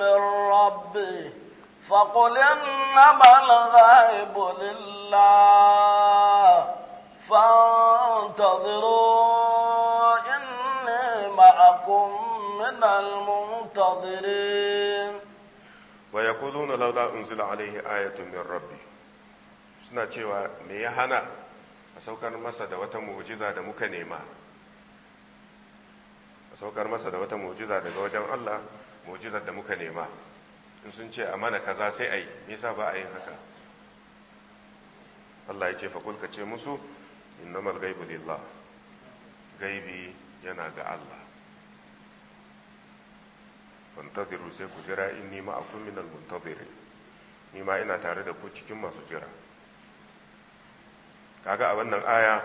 min فقل إنما الغيب لله فانتظروا إني معكم من المنتظرين ويقولون لولا أنزل عليه آية من ربي suna cewa me ya hana a saukar masa da wata mu'jiza da muka nema a saukar masa da wata mu'jiza daga wajen Allah mu'jizar da muka nema in sun ce a mana kaza sai a yi nisa ba a yin haka Allah ya ce fa ce musu innamal gaibu lillah gaibi yana ga Allah fantaziru sai ku jira in nima a kun minal muntaziri nima ina tare da ku cikin masu jira kaga a wannan aya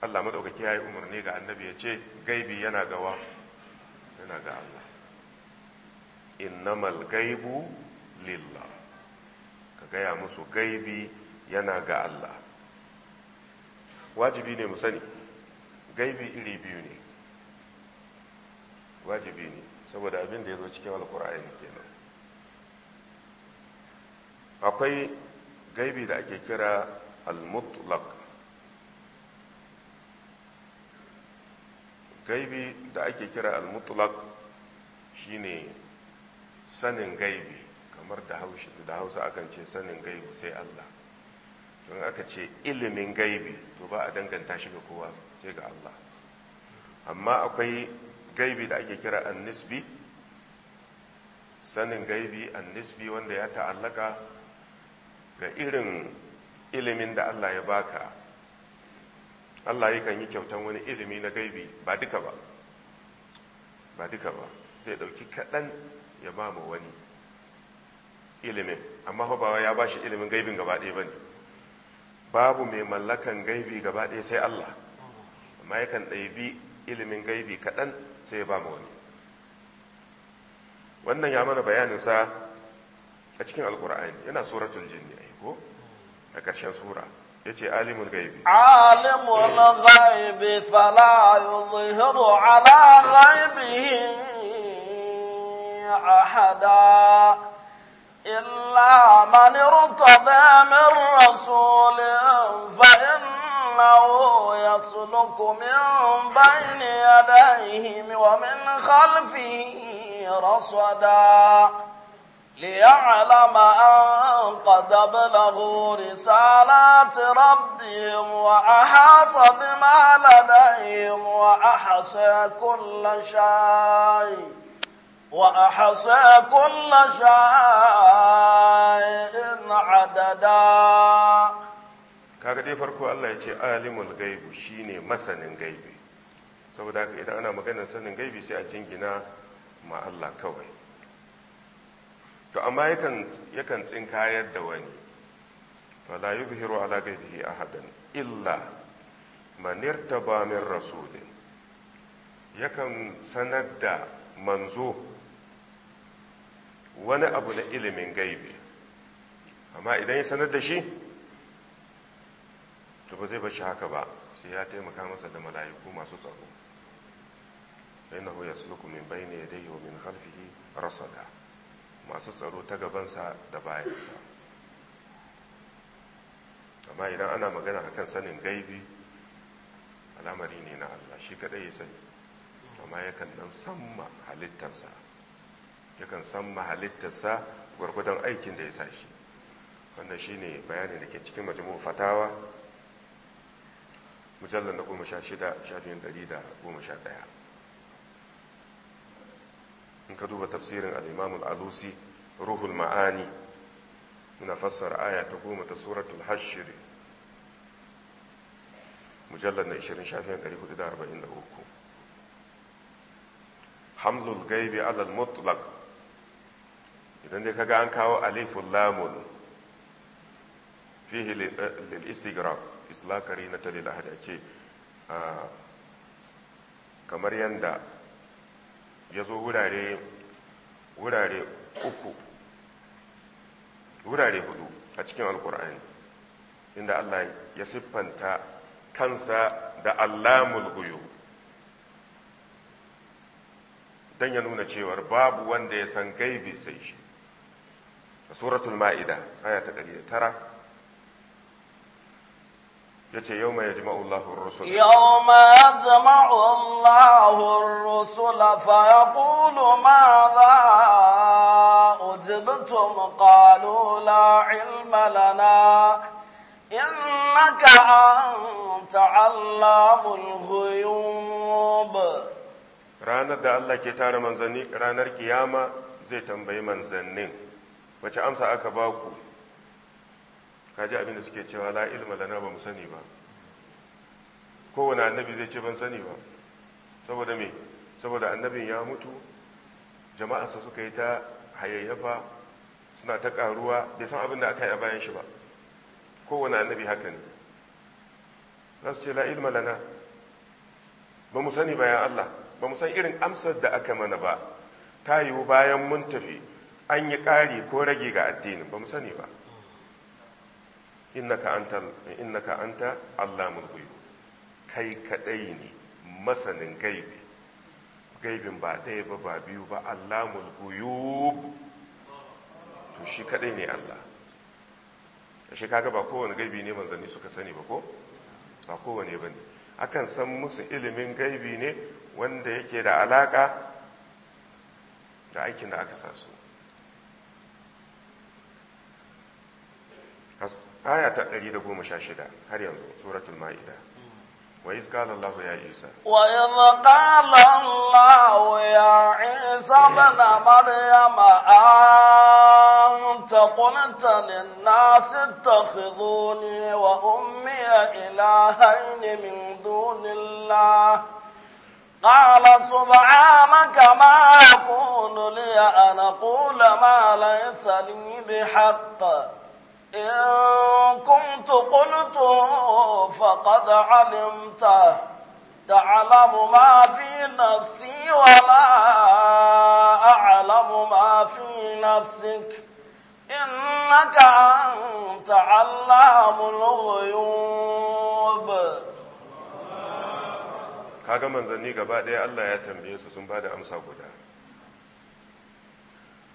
Allah madaukaki ya yi umarni ga annabi ya ce gaibi yana gawa yana ga Allah innamal gaibu lillah ka gaya musu gaibi yana ga Allah wajibi ne mu sani gaibi iri biyu ne wajibi ne saboda abin da ya zo cikin alkur'ani kenan akwai gaibi da ake kira al-mutlaq gaibi da ake kira al-mutlaq shine sanin gaibi kamar da hausa akan ce sanin gaibi sai Allah don aka ce ilimin gaibi to ba a danganta shi ga kowa sai ga Allah amma akwai gaibi da ake kira annisbi sanin gaibi annisbi wanda ya ta'allaka ga irin ilimin da Allah ya baka Allah yakan yi kyautan wani ilimi na gaibi ba duka ba ba duka ba zai dauki kaɗan ya ba mu wani ilimin amma ba ya ba shi ilimin gaibin gaba ɗaya ba ne babu mai mallakan gaibi gaba ɗaya sai Allah amma yakan ɗaibi ilimin gaibi kaɗan sai ya ba mu wani wannan ya mana bayaninsa a cikin alkur'ani yana suratul jinni ko a ƙarshen sura ya ce alimun gaibi alimun gaibi fala yuzhiru ala gaibihin أحدا إلا من ارتضى من رسول فإنه يسلك من بين يديه ومن خلفه رصدا ليعلم أن قد بلغوا رسالات ربهم وأحاط بما لديهم وأحصى كل شيء وأحصى كل شيء عددا kaga dai farko Allah ya ce alimul gaibu shine masanin gaibi saboda haka idan ana maganar sanin gaibi sai a jingina ma Allah kawai to amma yakan yakan tsinkayar da wani fala yuzhiru ala gaibihi ahadan illa man irtaba min rasulin yakan sanar da manzo wani abu na ilimin gaibi amma idan ya sanar da shi to ba zai bashi haka ba sai ya taimaka masa da mala'iku masu tsaro innahu yasluku min bayni dai yau min khalfihi rasada masu tsaro ta gabansa da bayansa amma idan ana magana a kan sanin gaibi al'amari ne na Allah shi kadai ya sani amma yakan dan samma halittarsa yakan san mahalittarsa gwargwadon aikin da ya sa shi wannan ne bayanin da ke cikin majimu fatawa mujallar na goma sha shida biyun dari da goma sha ɗaya in ka duba tafsirin al’imamun alusi ruhul ma'ani na fassar aya ta goma ta suratul hashiri mujallar na arba'in da uku. hamlul gaibi alal mutlaq idan dai kaga an kawo alifun lamun fi hilil eh, istigrab islakari na talila ahad ce kamar yadda ya zo wurare uku wurare hudu a cikin alkur'ani inda allah ya siffanta kansa da allamul guyu don ya nuna cewar babu wanda ya san gaibi sai shi سورة المائدة آية تقريبا ترى يتي يوم يجمع الله الرسل يوم يجمع الله الرسل فيقول ماذا أجبتم قالوا لا علم لنا إنك أنت علام الغيوب رانا دا الله كتار منزني رانا الكيامة زيتم بي منزنين wace amsa aka ba ku kaji abinda suke cewa la ilma lana ba mu sani ba kowane annabi zai ce ban sani ba saboda me saboda annabin ya mutu jama'arsa suka yi ta hayayyafa suna ta karuwa bai san abin da aka yi a bayan shi ba kowane annabi haka ne za su ce la ilma lana ba mu sani bayan allah ba mu san irin amsar da aka mana ba ta yiwu bayan mun tafi an yi ƙari ko rage ga addinin ba mu sani ba innaka anta Allah ghuyub kai kadai ne masanin gaibi gaibin ba ɗaya ba ba biyu ba Allah ghuyub to shi kadai ne Allah shi kaga ba kowane gaibi ne manzanni suka sani ba ko ba kowane ne. akan san musu ilimin gaibi ne wanda yake da alaka da aikin da aka sa su aya ta 116 هل ينظر سورة المائدة وإذ قال الله يا عيسى وإذ قال الله يا عيسى ابن مريم أنت قلت للناس اتخذوني وأمي إلهين من دون الله قال سبحانك ما يكون لي أن أقول ما ليس لي بحق كنت قلت فقد علمت تعلم ما في نفسي ولا أعلم ما في نفسك إنك أنت علام الغيوب kaga manzanni gaba ɗaya Allah ya tambaye su sun ba da amsa guda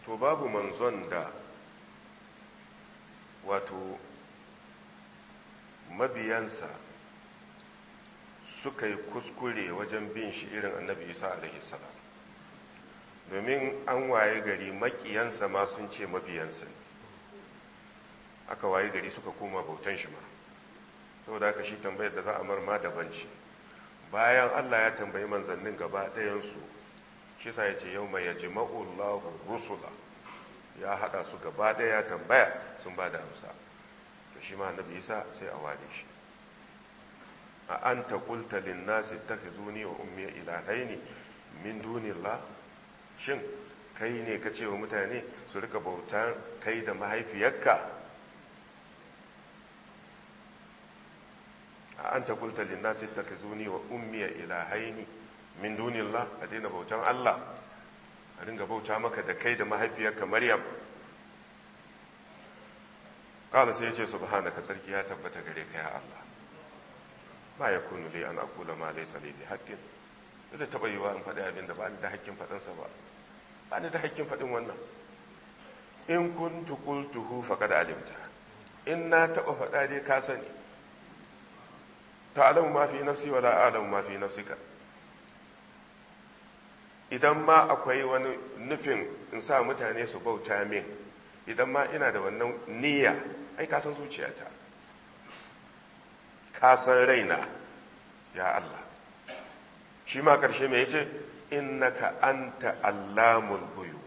to babu manzon da wato mabiyansa suka yi kuskure wajen bin shi irin annabi isa alaihi domin an waye gari makiyansa ma sun ce mabiyansa aka waye gari suka koma bautan shi ma saboda haka shi tambayar da za a marma daban ce bayan allah ya tambayi manzannin gaba ɗayansu shi sa ya ce yau mai ya ma'ullahu rusula ya haɗa su gaba ɗaya ya tambaya sun ba da amsa to shi ma annabi isa sai a ware shi a an ta kulta linnasi ta zuni wa ummi ilahaini min duni la, shin kai ne ka ce wa mutane su rika bautan kai da mahaifiyarka a an ta kulta linnasi ta zuni wa ummi ilahaini min dunillah a daina bautan allah a ringa bauta maka da kai da mahaifiyarka maryam kada sai ya ce subhanaka sarki ya tabbata gare ka ya Allah ba ya kunu li an aqula ma laysa li bi haqqin zai taba yiwa in faɗi abin da ba ni da haƙƙin faɗinsa ba ba ni da haƙƙin faɗin wannan in kuntu qultuhu faqad alimta in na taba faɗa dai ka sani ta'lamu ma fi nafsi wa la a'lamu ma fi nafsika idan ma akwai wani nufin in sa mutane su bauta min idan ma ina da wannan niyya ai ka san zuciyata ka san raina ya Allah shi ma karshe mai yace innaka anta allamul buyu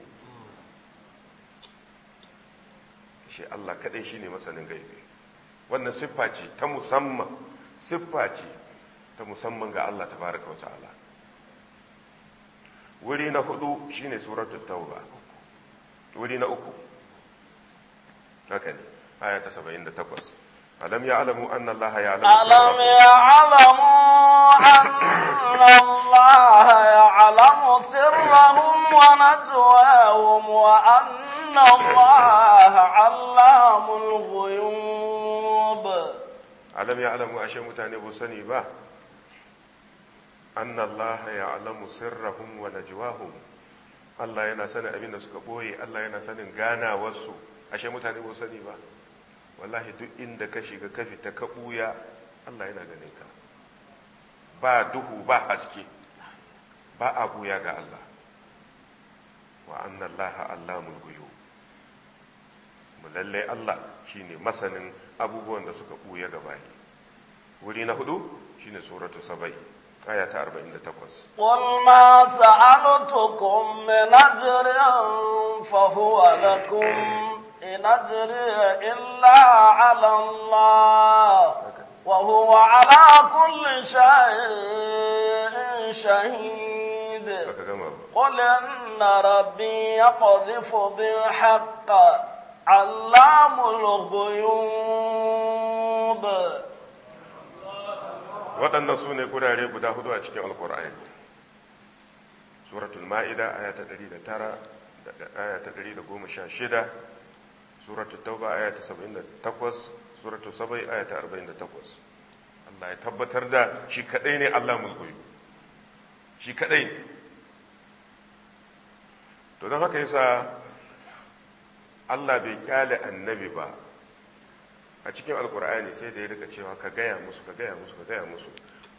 shi Allah kadai shine masanin gaibi wannan siffa ce ta musamman siffa ce ta musamman ga Allah tabaraka wa ta'ala wuri na hudu shine suratu tauba wuri na uku haka ne aya ta 78 alam ya'lamu anna allaha ya'lamu alam ya'lamu anna allaha ya'lamu sirrahum wa najwahum wa anna allaha 'allamul ghuyub alam ya'lamu ashe mutane bu sani ba annallaha ya'lamu sirrahum wa najwahum Allah yana sanin abin da suka ɓoye Allah yana sanin wasu. ashe mutane ba sani ba wallahi duk inda ka shiga ka fita ka ɓuya. Allah yana ganin ka ba duhu ba haske ba a buya ga Allah wa annallaha allamul ghuyub mu lalle Allah shine masanin abubuwan da suka buya ga bayi wuri na hudu shine suratu sabai آية 48 قل ما سألتكم من أجر فهو لكم إن أجري إلا على الله وهو على كل شيء شهيد قل إن ربي يقذف بالحق علام الغيوب waɗannan su ne gurare guda hudu a cikin alkur'ani suratul ma'ida aya ta 109 suratul tauba aya ta 78 suratul sabai aya ta 48 Allah ya tabbatar da shi kadai ne Allah mulkuyu shi kadai ne to don haka yasa Allah bai kyale annabi ba a cikin alkur'ani sai da ya rika cewa ka gaya musu ka gaya musu ka gaya musu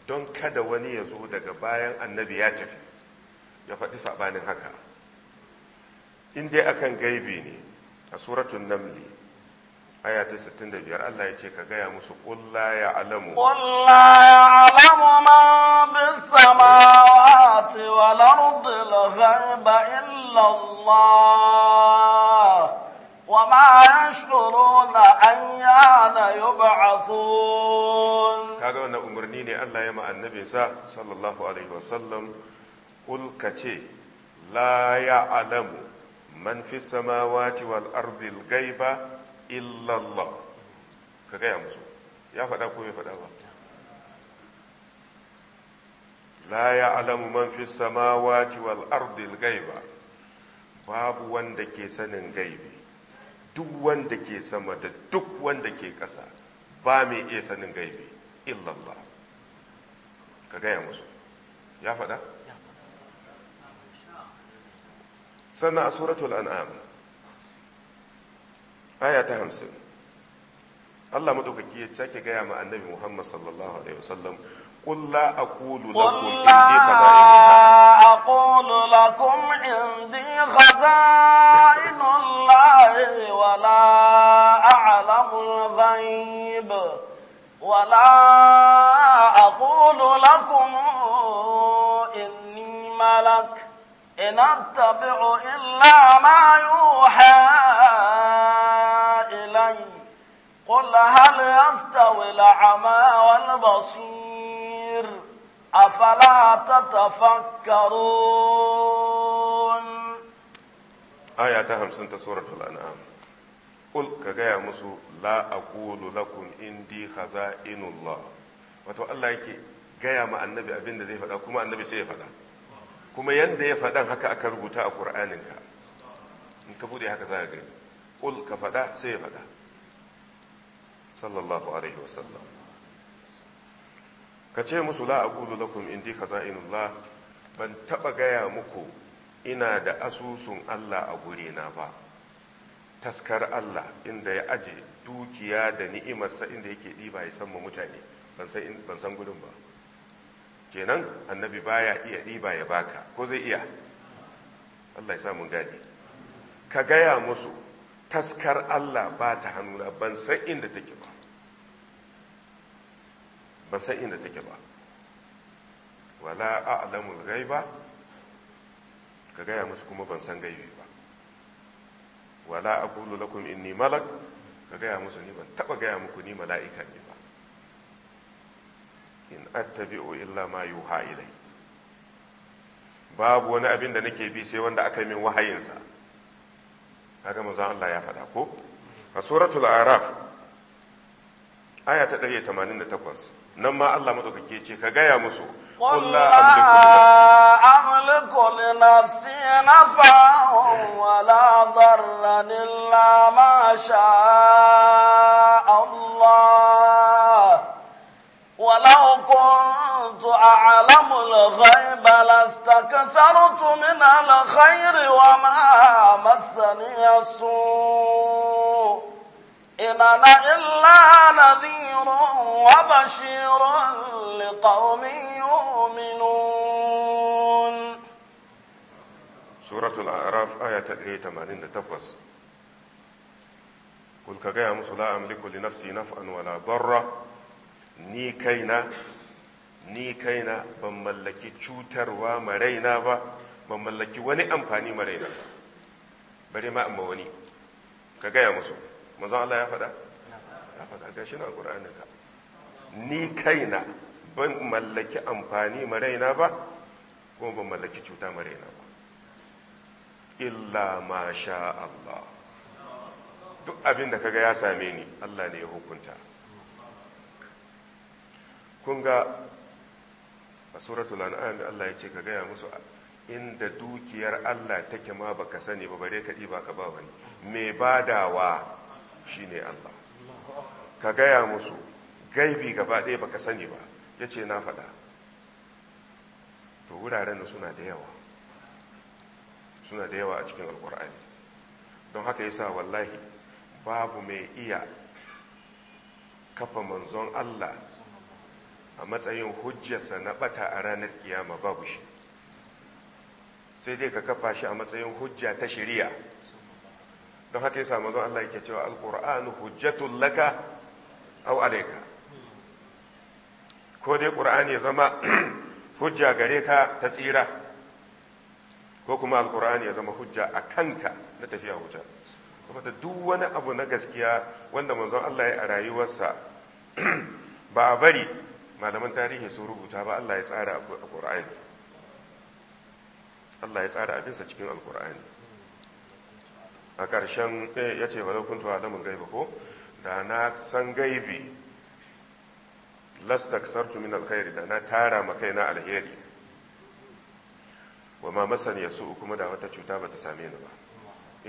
don kada wani ya zo daga bayan annabi ya tafi ya faɗi saɓanin haka in dai akan gaibi ne a suratun namli aya ta 65 Allah ya ce ka gaya musu kulla ya alamu kulla ya alamu man samawa, samawati wal ardi al ghaiba illa وما يشعرون أيان يبعثون kaga wannan umarni ne Allah ya ma annabinsa sallallahu alaihi wasallam kul kace la ya'lamu man fi samawati wal ardi al ghaiba ka gaya musu ya faɗa ko bai faɗa ba la man fi samawati wal ardi gaiba? babu wanda ke sanin gaibi duk wanda ke sama da duk wanda ke ƙasa ba mai iya sanin gaibi illallah ka gaya musu ya faɗa sannan a suratul an'am aya ta hamsin Allah maɗaukaki ya sake gaya ma annabi Muhammad sallallahu alaihi wasallam قل لا أقول لكم قل لا أقول لكم عندي خزائن الله ولا أعلم الغيب ولا أقول لكم إني ملك إن أتبع إلا ما يوحى إلي قل هل يستوي الأعمى والبصير أفلا تتفكرون آية همسنة سورة الأنعام قل كجاية مسو لا أقول لكم إندي خزائن الله wato Allah yake gaya ma annabi abin da zai faɗa kuma annabi sai ya faɗa kuma yanda ya faɗa haka aka rubuta a ƙur'aninka in ka bude haka za ka gani ƙul ka faɗa sai ya faɗa sallallahu alaihi wasallam ka ce musu la aqulu lakum indi khaza'inullah ban taba gaya muku ina da asusun Allah a gure na ba taskar Allah inda ya aje dukiya da ni'imarsa inda yake ɗiba ya san mutane ban san gudun ba kenan annabi baya iya ɗiba ya baka ko zai iya Allah ya sa mun gadi ka gaya musu taskar Allah ba ta hannuna ban san inda take ba ban san inda take ba wala a'lamul ghaiba ka gaya musu kuma ban san gaibi ba wala aqulu lakum inni malak ka gaya musu ni ban taba gaya muku ni mala'ika ne ba in attabi'u illa ma yuha ilai babu wani abin da nake bi sai wanda aka min wahayinsa kaga manzon Allah ya faɗa ko a suratul araf aya ta 188 نما ma Allah madaukake ce ka gaya قل لا أملك لنفسي نفعا ولا ضرا إلا ما شاء الله ولو كنت أعلم الغيب لاستكثرت من الخير وما مسني السوء إن أنا إلا نذير وبشير لقوم يؤمنون سورة الأعراف آية 88 قل كجاء musu la amliku li nafsi naf'an wala barra ni kaina ni kaina ban mallaki cutarwa maraina ba ban mallaki wani amfani maraina ba bare ma amma wani ka gaya musu manzon Allah ya faɗa ya faɗa shi na Qur'ani ka ni kaina ban mallaki amfani maraina ba ko ban mallaki cuta maraina ba illa ma sha Allah duk abin da kaga ya same ni Allah ne ya hukunta kun ga a suratul an'am Allah ya ce ka gaya musu inda dukiyar Allah take ma baka sani ba bare ka ɗiba ka ba wani mai badawa shine Allah ka gaya musu gaibi gaba ɗaya baka sani ba ya ce na faɗa to wuraren da suna da yawa suna da yawa a cikin alkur'ani don haka yasa wallahi babu mai iya kafa manzon Allah a matsayin hujjarsa na bata a ranar kiyama babu shi sai dai ka kafa shi a matsayin hujja ta shari'a don haka yasa manzon Allah yake cewa alqur'anu hujjatul laka aw alayka ko dai qur'ani ya zama hujja gare ka ta tsira ko kuma alqur'ani ya zama hujja a kanka na tafiya wuta saboda duk wani abu na gaskiya wanda manzon Allah ya a rayuwarsa ba a bari malaman tarihi sun rubuta ba Allah ya tsara a ya tsara abinsa cikin al a ƙarshen eh, ya ce walau kuntu alamun gaiba ko da na san gaibi lastak sartu min alkhairi da na tara ma kaina alheri wa ma masan ya su kuma da wata cuta ba ta same ni ba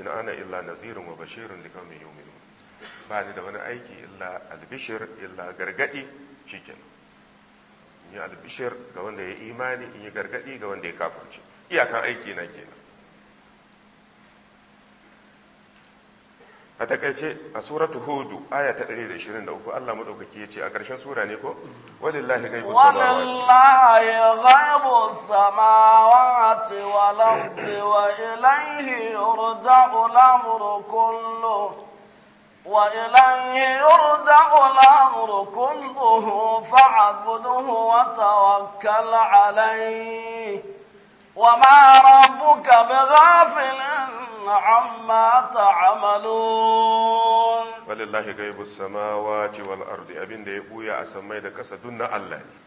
ina ana illa nazirin wa bashirin da kawai yau ba ni da wani aiki illa albishir illa gargadi shi ke yi albishir ga wanda ya imani in yi gargadi ga wanda ya kafarci iyakan aiki na kenan a takaice a suratu hudu aya ta 123 Allah madaukaki ya ce a ƙarshen sura ne ko samawa ghaibu samawati walillahi ghaibu samawati walabdi wa ilayhi yurja'u al'amru kullu wa ilayhi yurja'u al'amru kulluhu fa'budhu wa tawakkal 'alayhi وما ربك بغافل عما تعملون ولله غيب السماوات والارض ابين da ya buya a samai da kasa dunna Allah ne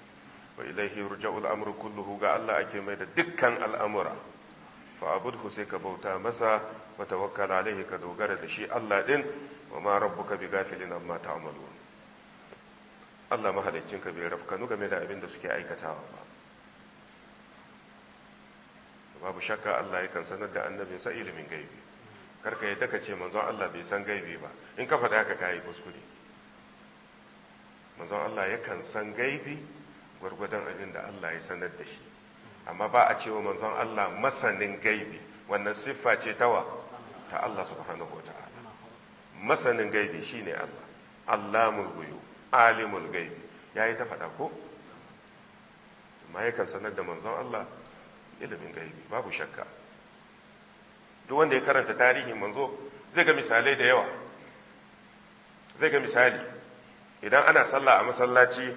wa ilaihi yurja'u al'amru kulluhu ga Allah ake mai da dukkan al'amura fa abudhu sai ka bauta masa bata tawakkal alaihi ka dogara da shi Allah din wa ma rabbuka bighafilin amma ta'malun Allah mahalicin ka bai rafka nuga mai da abin da suke aikatawa ba babu shakka Allah yakan sanar da annabi sa ilimin gaibi karka yadda ka ce manzon Allah bai san gaibi ba in ka faɗa ka kai kuskure manzon Allah yakan san gaibi gwargwadon abin da Allah ya sanar da shi amma ba a cewa manzon Allah masanin gaibi wannan siffa ce tawa ta Allah subhanahu wa ta'ala masanin gaibi shine Allah allamul guyu alimul gaibi yayi ta faɗa ko amma yakan sanar da manzon Allah ilimin gaibi babu shakka duk wanda ya karanta tarihin manzo zai ga misalai da yawa zai ga misali idan ana sallah a masallaci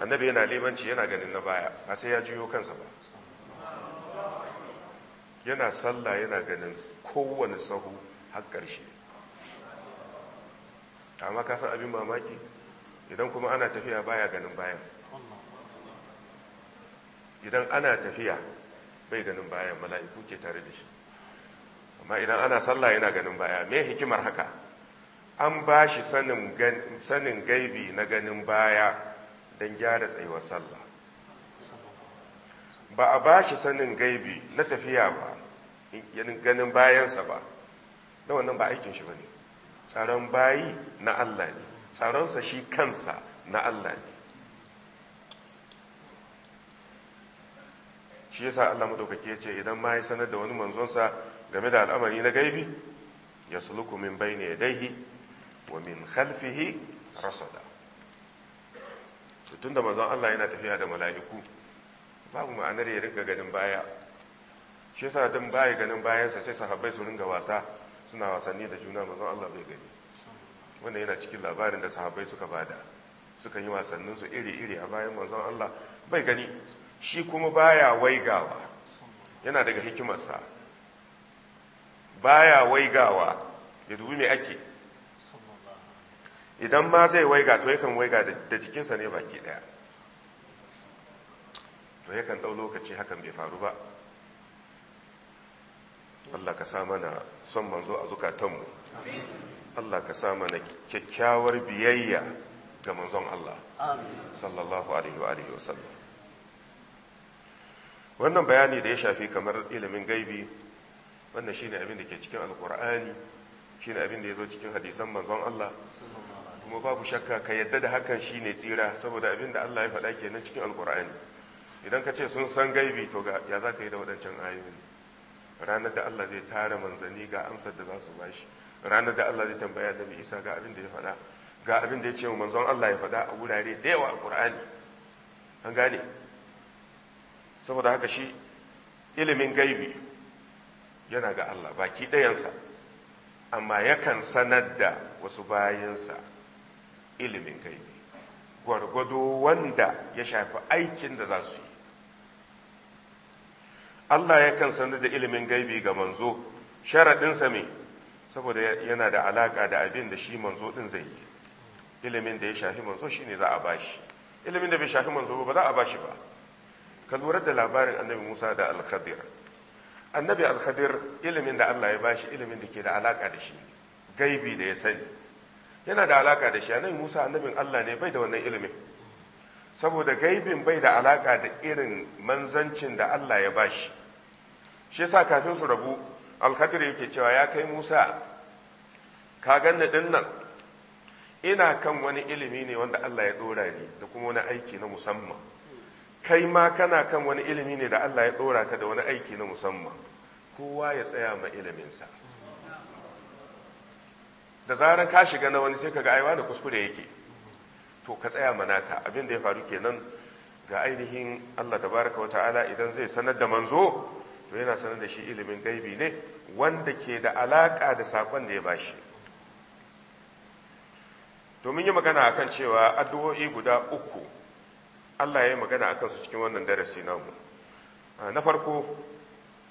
annabi yana limanci yana ganin na baya a sai ya juyo kansa ba yana sallah yana ganin kowane sahu har ƙarshe amma kasan abin mamaki idan kuma ana tafiya baya ganin bayan idan ana tafiya bai ganin baya mala'iku ke tare da shi amma idan ana sallah yana ganin baya me hikimar haka an ba shi sanin gaibi na ganin baya don gyara tsayuwar sallah ba a ba shi sanin gaibi na tafiya ba ganin bayansa ba da wannan ba aikin shi ba ne tsaron bayi na allah ne tsaronsa shi kansa na allah ne shi yasa Allah madaukake ya ce idan ma ya sanar da wani manzonsa game da al'amari na gaibi ya suluku min bayni yadayhi wa min khalfihi rasada tunda manzon Allah yana tafiya da mala'iku babu ma'anar ya rinka ganin baya shi yasa dan baya ganin bayansa sai sahabbai su ringa wasa suna wasanni da juna manzon Allah bai gani wannan yana cikin labarin da sahabbai suka bada suka yi wasanninsu iri-iri a bayan manzon Allah bai gani shi kuma baya waigawa yana daga hikimarsa baya waigawa ya dubi mai ake idan ma zai waiga to yakan waiga da jikinsa ne baki daya to yakan ɗau lokaci hakan bai faru ba Allah ka sa mana son manzo a zukatanmu Allah ka sa mana kyakkyawar biyayya ga manzon Allah sallallahu alaihi wa wa sallam wannan bayani da ya shafi kamar ilimin gaibi wannan shine abin da ke cikin alkur'ani shine abin da ya zo cikin hadisan manzon Allah kuma babu shakka ka yadda da hakan shine tsira saboda abin da Allah ya faɗa kenan cikin alkur'ani idan ka ce sun san gaibi to ga ya za ka yi da waɗancan ayoyi ranar da Allah zai tara manzanni ga amsar da za su bashi ranar da Allah zai tambaya da Isa ga abin da ya faɗa ga abin da ya ce manzon Allah ya faɗa a wurare da yawa a an gane saboda haka shi ilimin gaibi yana ga Allah baki ɗayansa amma yakan sanar da wasu bayansa ilimin gaibi gwargwado wanda ya shafi aikin da za su yi Allah yakan sanar da ilimin gaibi ga manzo sharaɗinsa me saboda yana da alaƙa da abin da shi manzo ɗin zai yi ilimin da ya shafi manzo shine za a bashi ilimin da bai shafi manzo ba za a bashi ba ka lura da labarin annabi musa da alkhadir annabi alkhadir ilimin da allah ya bashi ilimin da ke da alaka da shi gaibi da ya sani yana da alaka da shi annabi musa annabin allah ne bai da wannan ilimin saboda gaibin bai da alaka da irin manzancin da allah ya bashi shi yasa kafin su rabu alkhadir yake cewa ya kai musa ka ganni din ina kan wani ilimi ne wanda allah ya dora ni da kuma wani aiki na musamman kai ma kana kan wani ilimi ne da Allah ya ɗora ka da wani aiki na musamman kowa ya tsaya ma iliminsa da zarar ka shiga na wani sai ka ga aiwa da kuskure yake to ka tsaya ma naka abin da ya faru kenan ga ainihin Allah tabaraka wa ta'ala idan zai sanar da manzo to yana sanar da shi ilimin gaibi ne wanda ke da alaka da sakon da ya ba shi domin yi magana akan cewa addu'o'i guda uku Allah ya yi magana a su cikin wannan darasi namu na farko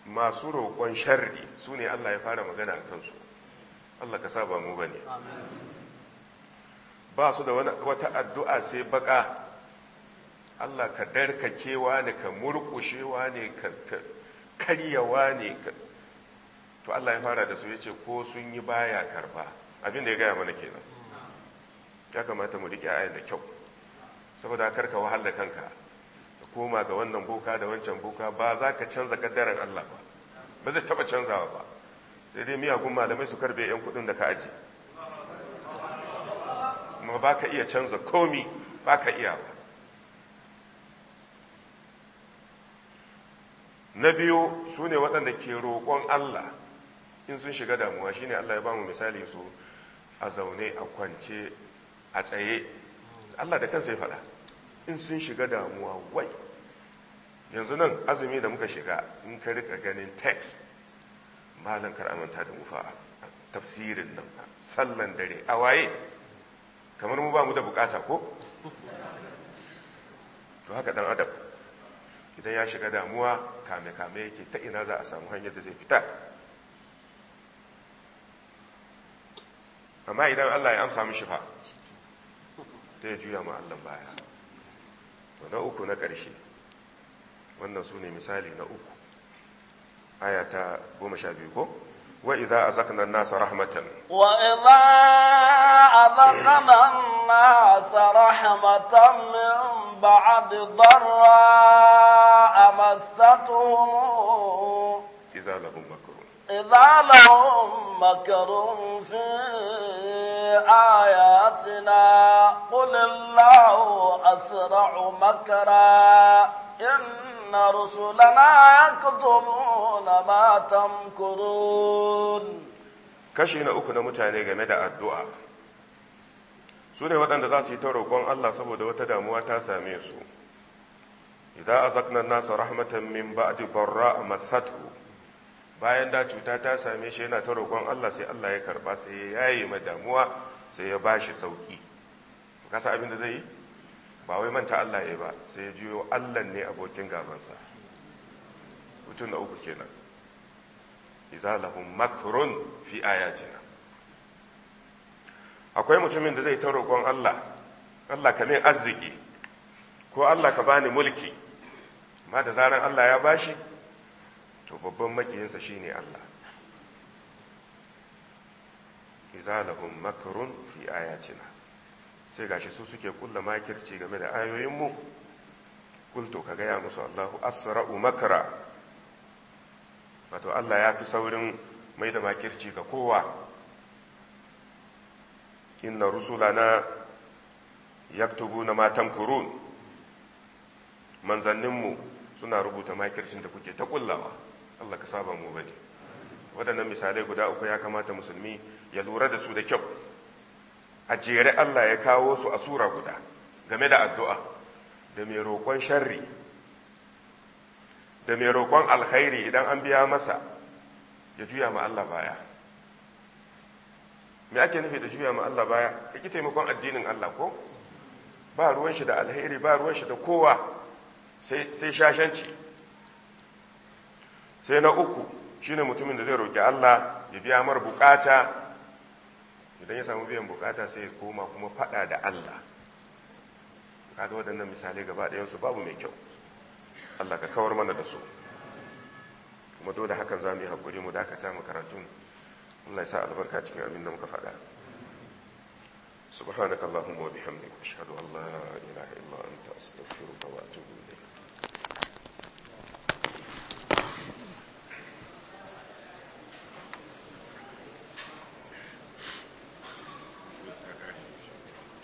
masu roƙon sharri su ne Allah ya fara magana a kansu Allah ka saba mu ba ne. ba su da wata addu'a sai baka Allah ka darkakewa ne ka murƙushewa ne ka karyawa ne to Allah ya fara da su ya ce ko sun yi baya karba Abinda ya gaya mana kenan ya kamata mu riƙe ayan da kyau saboda karka wahala wahala kanka ka koma ga wannan boka da wancan boka ba za ka canza kaddaren Allah ba ba zai taba canzawa ba sai dai miyagun malamai su karbe yan kudin da ka aji kuma ba ka iya canza komi ba ka iya ba na biyu su ne waɗanda ke roƙon Allah in sun shiga damuwa shine Allah ya ba mu misali su a zaune a kwance a tsaye Allah da kansa ya faɗa in sun shiga damuwa wai yanzu nan azumi da muka shiga in ka rika ganin text malam kar amanta da mufa a tafsirin nan sallan dare a waye kamar mu ba mu da bukata ko to haka dan adab idan ya shiga damuwa kame kame yake ta ina za a samu hanyar da zai fita amma idan Allah ya amsa mishi fa sai ya juya ma Allah baya na uku na ƙarshe wannan su misali na uku aya ta goma sha biyu ko wa'iza a zaƙanar nasa rahmatan wa'iza a zaƙanar nasa rahmatan min ba'adi zarra a masatu إذا لهم مكر في آياتنا قل الله أسرع مكرا إن رسلنا يكتبون ما تمكرون kashi na uku na mutane game da addu'a su ne waɗanda za su yi ta roƙon Allah saboda wata damuwa ta same su Ida a zaknar nasa rahmatan min ba'di barra a masatu bayan da cuta ta same shi yana ta roƙon Allah sai Allah ya karba sai ya yi ma damuwa sai ya bashi sauki kasa abin da zai yi ba wai manta Allah ya ba sai ya juyo Allah ne abokin gabansa hutun da uku kenan iza lahum makrun fi ayatina akwai mutumin da zai ta roƙon Allah Allah ka min arziki ko Allah ka bani mulki amma da zaran Allah ya bashi to babban makiyinsa shine Allah izalahun makarun fi ayacina sai gashi su suke kulla makirci game da ayoyinmu kulto ka gaya musu Allahu asra'u makara wato Allah ya fi saurin mai da makirci ga kowa inna rusulana na matan kurun manzanninmu suna rubuta makircin da kuke ta kullawa Allah ka saba mu bane waɗannan misalai guda uku ya kamata musulmi ya lura da su da kyau a jere Allah ya kawo su a sura guda game da addu'a da mai roƙon sharri da mai roƙon alkhairi idan an biya masa ya juya ma Allah baya me ake nufi da juya ma Allah baya ki taimakon addinin Allah ko ba ruwan shi da alheri ba ruwan shi da kowa sai shashanci sai na uku shine mutumin da zai roƙi Allah ya biya mar bukata idan ya samu biyan bukata sai ya koma kuma faɗa da Allah kaga waɗannan misalai gaba su babu mai kyau Allah ka kawar mana da su kuma dole hakan za mu yi hakuri mu dakata mu karatun Allah ya sa albarka cikin abin da muka faɗa subhanakallahumma wa bihamdika ashhadu an la ilaha illa anta astaghfiruka wa atubu ilayk